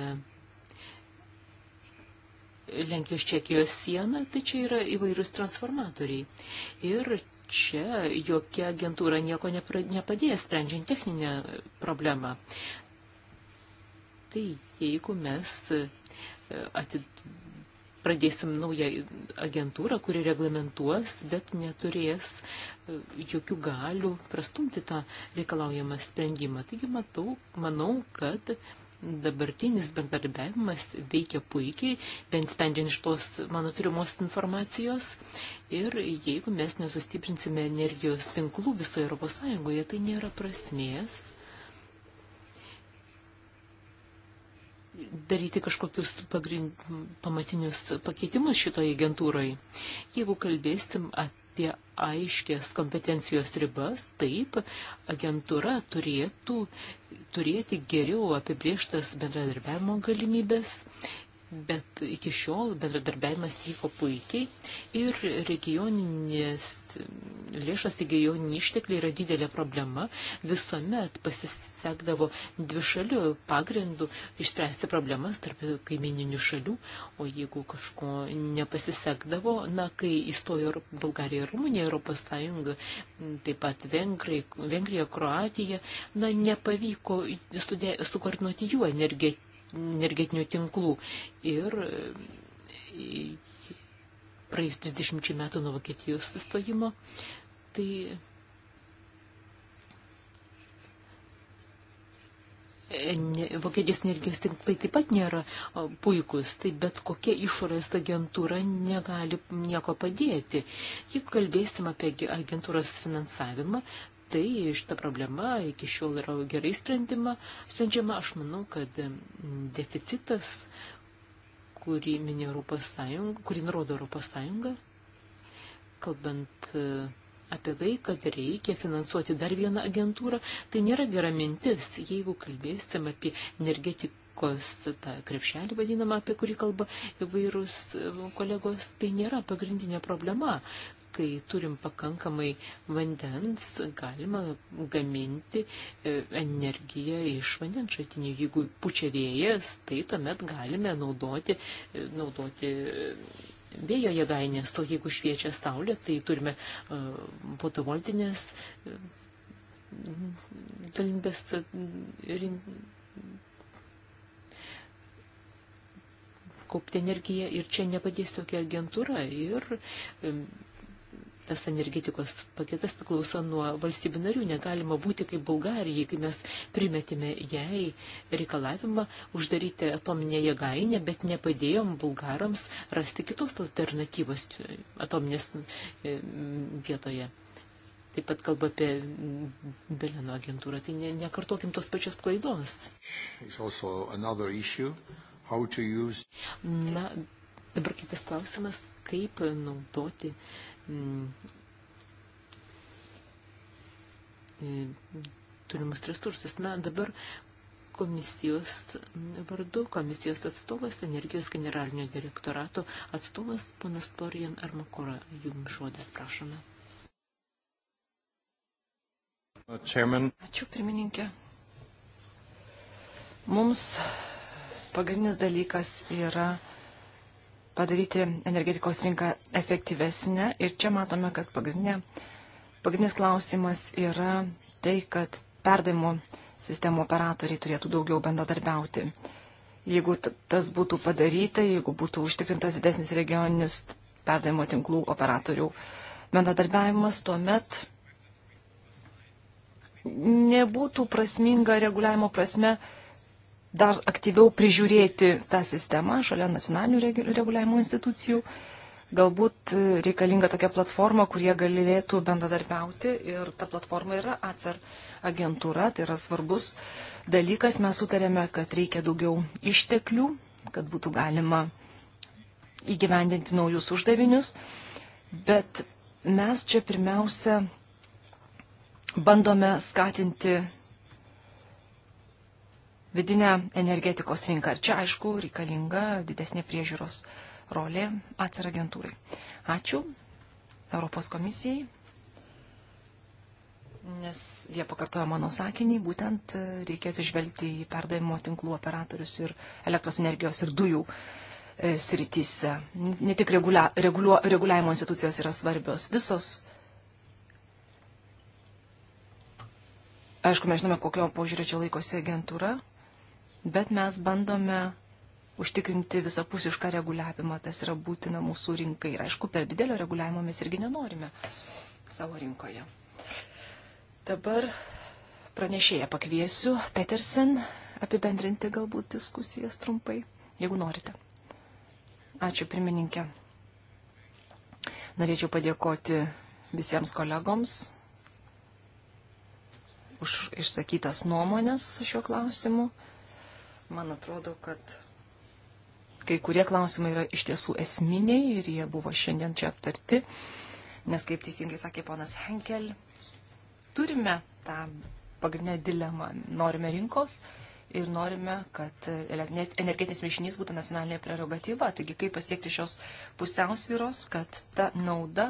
Lenkijos Čekijos sieną, tai čia yra įvairūs transformatoriai. Ir čia jokia agentūra nieko nepadės, sprendžiant techninę problemą. Tai jeigu mes e, atid pradėsim naują agentūrą, kuri reglamentuos, bet neturės e, jokių galių prastumti tą reikalaujamą sprendimą. Taigi matau, manau, kad dabartinis bendradarbiavimas veikia puikiai, bent sprendžiant iš tos mano turimos informacijos. Ir jeigu mes nesustiprinsime energijos tinklų visoje Europos Sąjungoje, tai nėra prasmės daryti kažkokius pagrind, pamatinius pakeitimus šitoje agentūroje. Jeigu kalbėsim apie aiškės kompetencijos ribas, taip, agentūra turėtų turėti geriau apibrieštas bendradarbiavimo galimybės bet iki šiol bendradarbiavimas vyko puikiai ir regioninės lėšos, regioniniai ištekliai yra didelė problema. Visuomet pasisekdavo dvišalių pagrindų išspręsti problemas tarp kaimininių šalių, o jeigu kažko nepasisekdavo, na, kai įstojo Bulgarija ir Rumunija Europos Sąjunga, taip pat Vengrija, Kroatija, na, nepavyko sukoordinuoti jų energetiką energetinių tinklų. Ir e, praėjus 30 metų nuo Vokietijos sustojimo, tai e, Vokietijos energijos tinklai taip pat nėra puikus, tai bet kokia išorės agentūra negali nieko padėti. Jeigu kalbėsim apie agentūros finansavimą, tai šita problema iki šiol yra gerai sprendima, sprendžiama. Aš manau, kad deficitas, kurį minė Europos Sąjunga, kurį nurodo Europos Sąjunga, kalbant e, apie tai, kad reikia finansuoti dar vieną agentūrą, tai nėra gera mintis, jeigu kalbėsim apie energetikos tą krepšelį vadinamą, apie kurį kalba įvairūs e, kolegos, tai nėra pagrindinė problema kai turim pakankamai vandens, galima gaminti e, energiją iš vandens šaltinių. Jeigu pučia vėjas, tai tuomet galime naudoti, e, naudoti e, vėjo jėgainės, to jeigu šviečia saulė, tai turime fotovoltinės galimybės kaupti energiją ir čia nepadės tokia agentūra ir tas energetikos paketas priklauso nuo valstybių narių. Negalima būti kaip Bulgarijai, kai mes primetėme jai reikalavimą uždaryti atominę jėgainę, bet nepadėjom bulgarams rasti kitos alternatyvos atominės e, vietoje. Taip pat kalba apie Beleno agentūrą. Tai ne, nekartokim tos pačios klaidos. Use... Na, dabar kitas klausimas, kaip naudoti uh, Mm. turimus resursus. Na, dabar komisijos vardu, komisijos atstovas, energijos generalinio direktorato atstovas, ponas Porijan Armakora, jums žodis prašome. Chairman. Ačiū, pirmininkė. Mums pagrindinis dalykas yra padaryti energetikos rinką efektyvesnę. Ir čia matome, kad pagrindinė, pagrindinis klausimas yra tai, kad perdavimo sistemų operatoriai turėtų daugiau bendradarbiauti. Jeigu tas būtų padaryta, jeigu būtų užtikrintas didesnis regioninis perdavimo tinklų operatorių bendradarbiavimas, tuomet nebūtų prasminga reguliavimo prasme dar aktyviau prižiūrėti tą sistemą šalia nacionalinių reguliavimo institucijų. Galbūt e, reikalinga tokia platforma, kurie galėtų bendradarbiauti ir ta platforma yra ACER agentūra, tai yra svarbus dalykas. Mes sutarėme, kad reikia daugiau išteklių, kad būtų galima įgyvendinti naujus uždavinius, bet mes čia pirmiausia bandome skatinti vidinę energetikos rinką. Ir čia, aišku, reikalinga didesnė priežiūros rolė atsir agentūrai. Ačiū Europos komisijai, nes jie pakartojo mano sakinį, būtent e, reikia atsižvelgti į perdavimo tinklų operatorius ir elektros energijos ir dujų e, srityse. Ne tik regulia, regulio, reguliavimo institucijos yra svarbios, visos Aišku, mes žinome, kokio požiūrio čia laikosi agentūra bet mes bandome užtikrinti visapusišką reguliavimą, tas yra būtina mūsų rinkai. Ir aišku, per didelio reguliavimo mes irgi nenorime savo rinkoje. Dabar pranešėją pakviesiu Petersen apibendrinti galbūt diskusijas trumpai, jeigu norite. Ačiū pirmininkė. Norėčiau padėkoti visiems kolegoms už išsakytas nuomonės šiuo klausimu. Man atrodo, kad kai kurie klausimai yra iš tiesų esminiai ir jie buvo šiandien čia aptarti, nes kaip teisingai sakė ponas Henkel, turime tą pagrindinę dilemą. Norime rinkos ir norime, kad energetinis mišinys būtų nacionalinė prerogatyva. Taigi, kaip pasiekti šios pusiausvyros, kad ta nauda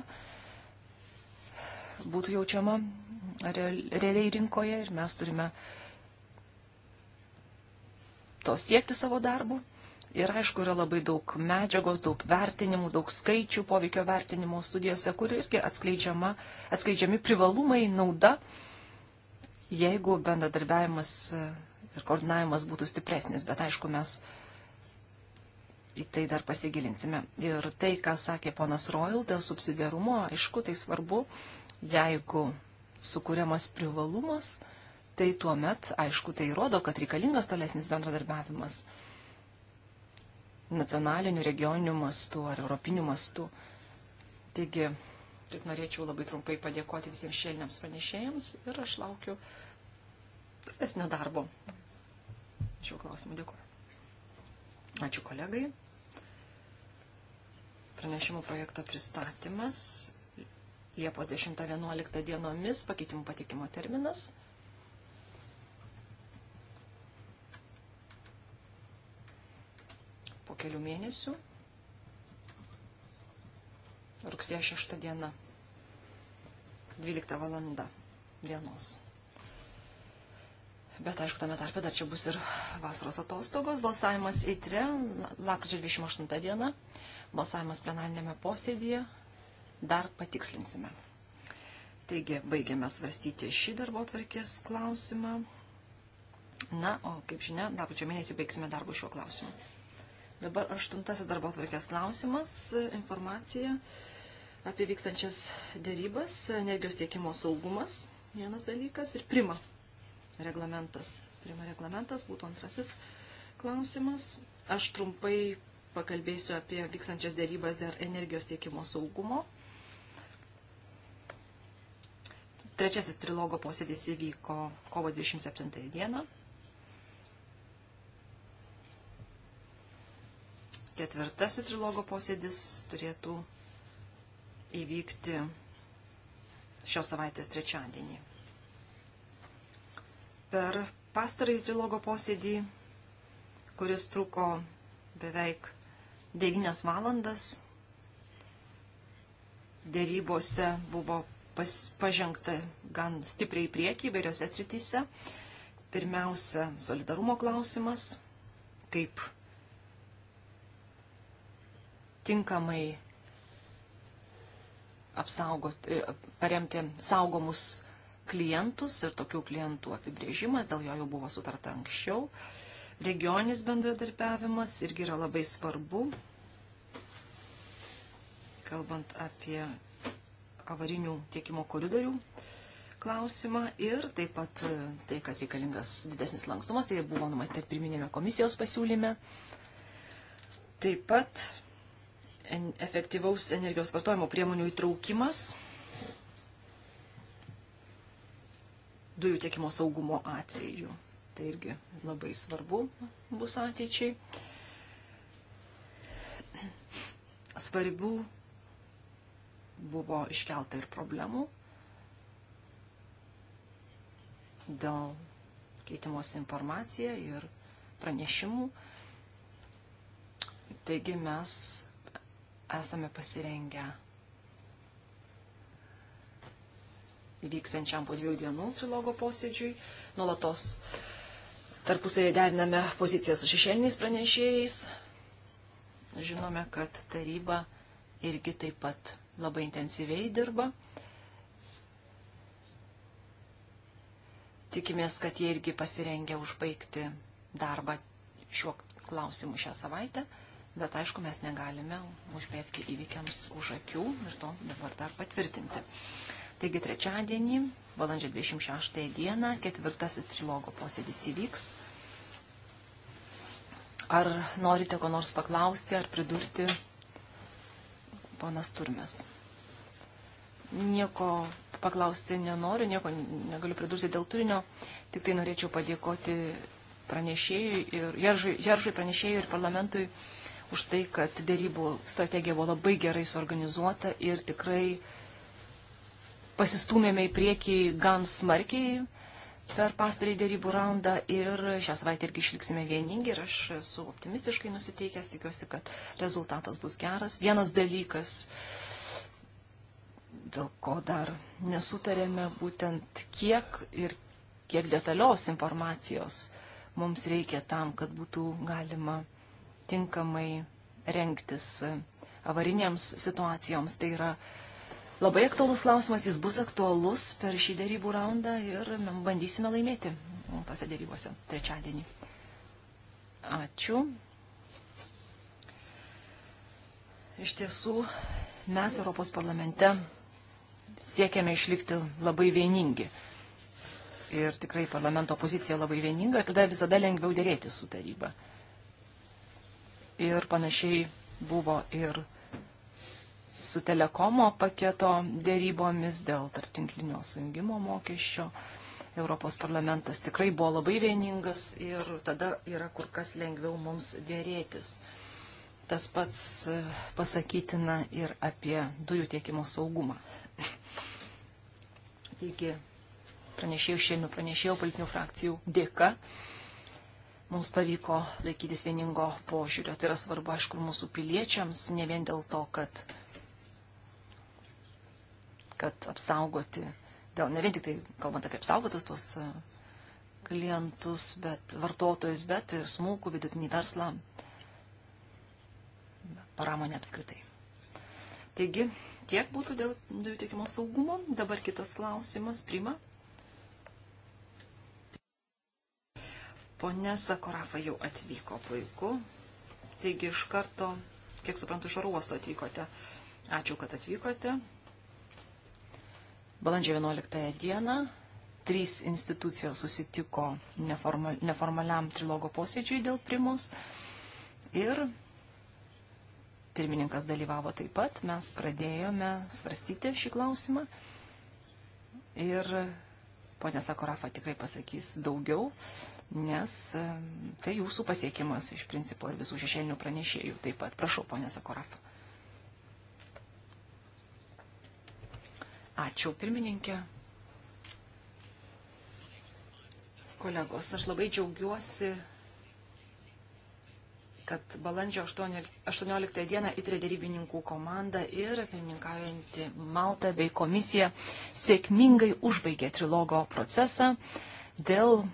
būtų jaučiama realiai rinkoje ir mes turime uh, to siekti savo darbu. Ir aišku, yra labai daug medžiagos, daug vertinimų, daug skaičių poveikio vertinimo studijose, kur irgi atskleidžiami privalumai, nauda, jeigu bendradarbiavimas e, ir koordinavimas būtų stipresnis. Bet aišku, mes į tai dar pasigilinsime. Ir tai, ką sakė ponas Royal dėl subsidiarumo, aišku, tai svarbu, jeigu sukūriamas privalumas, tai tuo met, aišku, tai rodo, kad reikalingas tolesnis bendradarbiavimas nacionaliniu, regioniniu mastu ar europiniu mastu. Taigi, tik norėčiau labai trumpai padėkoti visiems šėliniams pranešėjams ir aš laukiu tolesnio darbo. Šiuo klausimu dėkuoju. Ačiū kolegai. Pranešimo projekto pristatymas Liepos 10-11 dienomis pakeitimų patikimo terminas. kelių mėnesių. Rugsėjo 6 diena. 12 valanda dienos. Bet aišku, tame tarpe dar čia bus ir vasaros atostogos. Balsavimas įtre, lapkričio 28 diena. Balsavimas plenarinėme posėdėje. Dar patikslinsime. Taigi, baigiame svarstyti šį darbo tvarkės klausimą. Na, o kaip žinia, lapkričio mėnesį baigsime darbą šiuo klausimu. Dabar aštuntasis darbo atvarkės klausimas - informacija apie vykstančias dėrybas, energijos tiekimo saugumas - vienas dalykas ir prima reglamentas. Prima reglamentas būtų antrasis klausimas. Aš trumpai pakalbėsiu apie vykstančias dėrybas dėl energijos tiekimo saugumo. Trečiasis trilogo posėdis įvyko kovo 27 dieną. Ketvirtasis trilogo posėdis turėtų įvykti šios savaitės trečiadienį. Per pastarąjį trilogo posėdį, kuris truko beveik 9 valandas, dėrybose buvo pas, pažengta gan stipriai į priekį įvairiose srityse. Pirmiausia, solidarumo klausimas, kaip tinkamai apsaugoti, e, paremti saugomus klientus ir tokių klientų apibrėžimas, dėl jo jau buvo sutarta anksčiau. Regioninis bendradarbiavimas irgi yra labai svarbu, kalbant apie avarinių tiekimo koridorių klausimą ir taip pat e, tai, kad reikalingas didesnis lankstumas, tai buvo numatyta pirminėme komisijos pasiūlyme. Taip pat efektyvaus energijos vartojimo priemonių įtraukimas dujų tiekimo saugumo atveju. Tai irgi labai svarbu bus ateičiai. Svarbių buvo iškelta ir problemų dėl keitimos informacija ir pranešimų. Taigi mes esame pasirengę vyksančiam po dviejų dienų trilogo posėdžiui. Nulatos tarpusavėje deriname poziciją su šešėliniais pranešėjais. Žinome, kad taryba irgi taip pat labai intensyviai dirba. Tikimės, kad jie irgi pasirengia užbaigti darbą šiuo klausimu šią savaitę bet aišku, mes negalime užbėgti įvykiams už akių ir to dabar dar patvirtinti. Taigi trečiadienį, balandžio 26 dieną, ketvirtasis trilogo posėdis įvyks. Ar norite ko nors paklausti ar pridurti, ponas Turmes? Nieko paklausti nenoriu, nieko negaliu pridurti dėl turinio, tik tai norėčiau padėkoti pranešėjui ir Jeržui, Jeržui pranešėjui ir parlamentui už tai, kad dėrybų strategija buvo labai gerai suorganizuota ir tikrai pasistumėme į priekį gan smarkiai per pastarį dėrybų raundą ir šią savaitę irgi išliksime vieningi ir aš esu optimistiškai nusiteikęs, tikiuosi, kad rezultatas bus geras. Vienas dalykas, dėl ko dar nesutarėme, būtent kiek ir kiek detalios informacijos mums reikia tam, kad būtų galima tinkamai rengtis avarinėms situacijoms. Tai yra labai aktualus klausimas, jis bus aktualus per šį dėrybų raundą ir bandysime laimėti tose dėrybose trečiadienį. Ačiū. Iš tiesų, mes Europos parlamente siekiame išlikti labai vieningi. Ir tikrai parlamento pozicija labai vieninga ir tada visada lengviau dėrėti su taryba ir panašiai buvo ir su telekomo paketo dėrybomis dėl tarptinklinio sujungimo mokesčio. Europos parlamentas tikrai buvo labai vieningas ir tada yra kur kas lengviau mums dėrėtis. Tas pats e, pasakytina ir apie dujų tiekimo saugumą. Taigi, pranešėjų šiandien, pranešėjų politinių frakcijų dėka mums pavyko laikytis vieningo požiūrio. Tai yra svarbu, aišku, mūsų piliečiams, ne vien dėl to, kad, kad apsaugoti, dėl, ne vien tik tai kalbant apie apsaugotus tuos e, klientus, bet vartotojus, bet ir smulkų vidutinį verslą, paramonę apskritai. Taigi, tiek būtų dėl dujų tiekimo saugumo. Dabar kitas klausimas, prima. Pone Sakorafa jau atvyko puiku. Taigi iš karto, kiek suprantu, iš oro uosto atvykote. Ačiū, kad atvykote. Balandžio 11 dieną trys institucijos susitiko neformal, neformaliam trilogo posėdžiui dėl primus. Ir pirmininkas dalyvavo taip pat. Mes pradėjome svarstyti šį klausimą. Ir ponė Sakorafa tikrai pasakys daugiau nes e, tai jūsų pasiekimas iš principo ir visų šešėlinių pranešėjų. Taip pat prašau, ponė Sakorafa. Ačiū, pirmininkė. Kolegos, aš labai džiaugiuosi, kad balandžio 18 dieną įtrė dėrybininkų komanda ir pirmininkaujanti Malta bei komisija sėkmingai užbaigė trilogo procesą dėl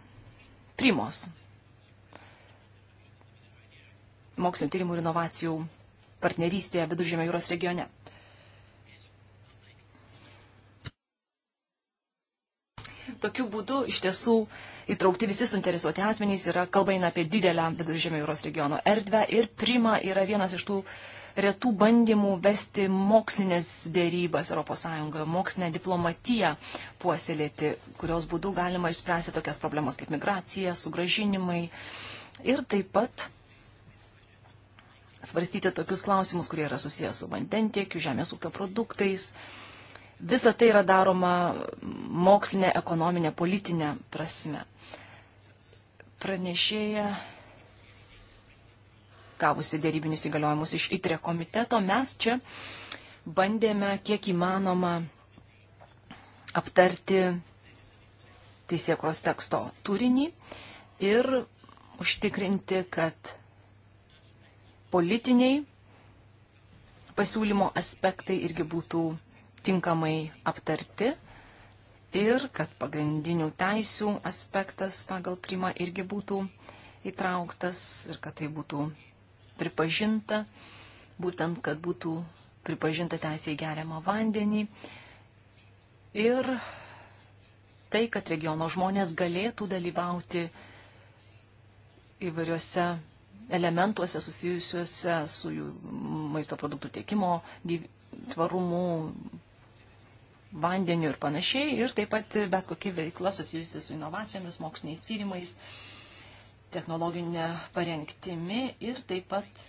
primos. Mokslinio tyrimų ir inovacijų partnerystėje Viduržėmio jūros regione. Tokiu būdu iš tiesų įtraukti visi suinteresuoti asmenys yra kalba eina apie didelę Viduržėmio jūros regiono erdvę ir prima yra vienas iš tų uh, retų bandymų vesti mokslinės dėrybas ES, mokslinę diplomatiją puoselėti, kurios būdų galima išspręsti tokias problemas kaip migracija, sugražinimai ir taip pat svarstyti tokius klausimus, kurie yra susijęs su vandentiekiu, žemės ūkio produktais. Visa tai yra daroma mokslinė, ekonominė, politinė prasme. Pranešėja gavusi dėrybinius įgaliojimus iš ITRE komiteto, mes čia bandėme kiek įmanoma aptarti teisėkros teksto turinį ir užtikrinti, kad politiniai pasiūlymo aspektai irgi būtų tinkamai aptarti ir kad pagrindinių teisių aspektas pagal primą irgi būtų įtrauktas ir kad tai būtų pripažinta, būtent, kad būtų pripažinta teisė į geriamą vandenį ir tai, kad regiono žmonės galėtų dalyvauti įvairiuose elementuose susijusiuose su jų maisto produktų tiekimo tvarumu, vandeniu ir panašiai. Ir taip pat bet kokia veikla susijusi su inovacijomis, moksliniais tyrimais, technologinė parengtimi ir taip pat,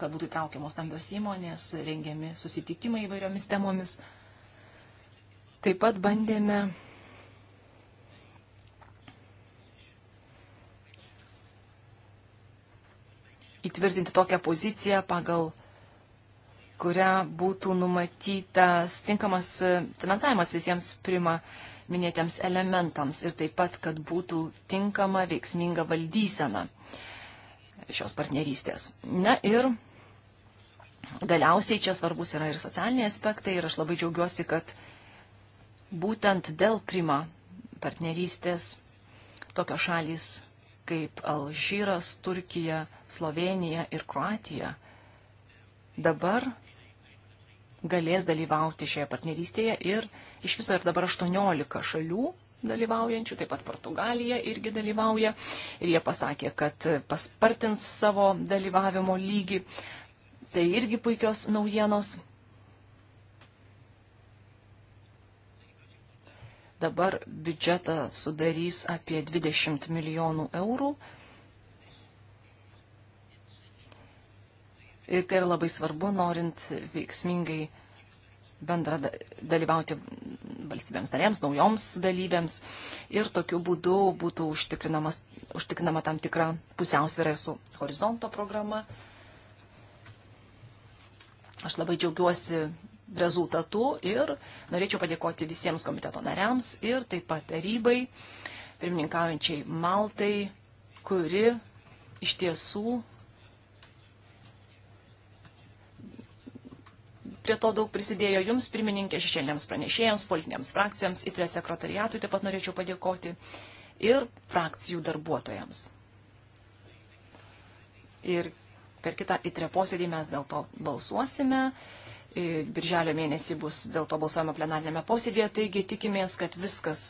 kad būtų traukiamos stambios įmonės, rengiami susitikimai įvairiomis temomis. Taip pat bandėme įtvirtinti tokią poziciją, pagal kurią būtų numatytas tinkamas finansavimas visiems prima minėtiems elementams ir taip pat, kad būtų tinkama veiksminga valdysena šios partnerystės. Na ir galiausiai čia svarbus yra ir socialiniai aspektai ir aš labai džiaugiuosi, kad būtent dėl Krima partnerystės tokios šalys kaip Alžyras, Turkija, Slovenija ir Kroatija dabar galės dalyvauti šioje partnerystėje ir iš viso ir dabar 18 šalių dalyvaujančių, taip pat Portugalija irgi dalyvauja ir jie pasakė, kad paspartins savo dalyvavimo lygį. Tai irgi puikios naujienos. Dabar biudžetą sudarys apie 20 milijonų eurų Ir tai yra labai svarbu, norint veiksmingai bendra dalyvauti valstybėms narėms, naujoms dalyvėms. Ir tokiu būdu būtų užtikrinama tam tikra pusiausvėra su horizonto programa. Aš labai džiaugiuosi rezultatų ir norėčiau padėkoti visiems komiteto nariams ir taip pat tarybai, pirmininkaujančiai Maltai, kuri iš tiesų prie to daug prisidėjo jums, pirmininkė, šešėliams pranešėjams, politinėms frakcijams, įtrė sekretariatui taip pat norėčiau padėkoti ir frakcijų darbuotojams. Ir per kitą įtrė e posėdį mes dėl to balsuosime. Birželio mėnesį bus dėl to balsuojama plenarinėme posėdėje, taigi tikimės, kad viskas,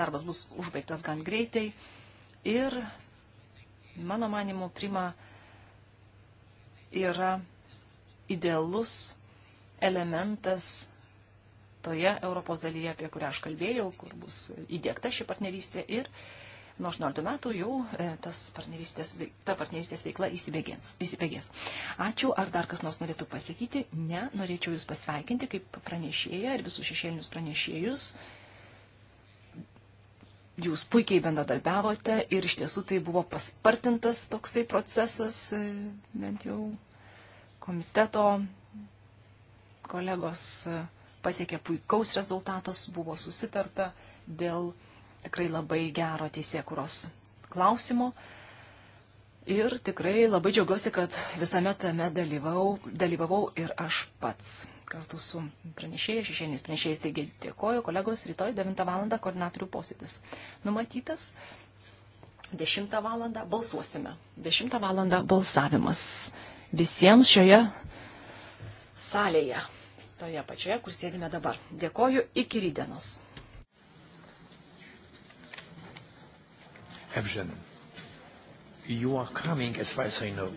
darbas bus užbaigtas gan greitai. Ir mano manimu, prima yra idealus elementas toje Europos dalyje, apie kurią aš kalbėjau, kur bus įdėkta ši partnerystė ir nuo 18 metų jau e, tas partnerystės, ta partnerystės veikla įsibėgės, įsibėgės. Ačiū, ar dar kas nors norėtų pasakyti? Ne, norėčiau Jūs pasveikinti kaip pranešėją ir visus šešėlinius pranešėjus. Jūs puikiai bendradarbiavote ir iš tiesų tai buvo paspartintas toksai procesas, e, bent jau komiteto Kolegos pasiekė puikaus rezultatos, buvo susitarta dėl tikrai labai gero teisėkuros klausimo. Ir tikrai labai džiaugiuosi, kad visame tame dalyvau, dalyvavau ir aš pats kartu su pranešėjais, šešėniais pranešėjais. Taigi dėkoju kolegos, rytoj 9 val. koordinatorių posėdis numatytas. 10 val. balsuosime. 10 val. balsavimas visiems šioje salėje toje pačioje, kur sėdime dabar. Dėkoju iki rydienos. Evžen, you are coming as far as I know.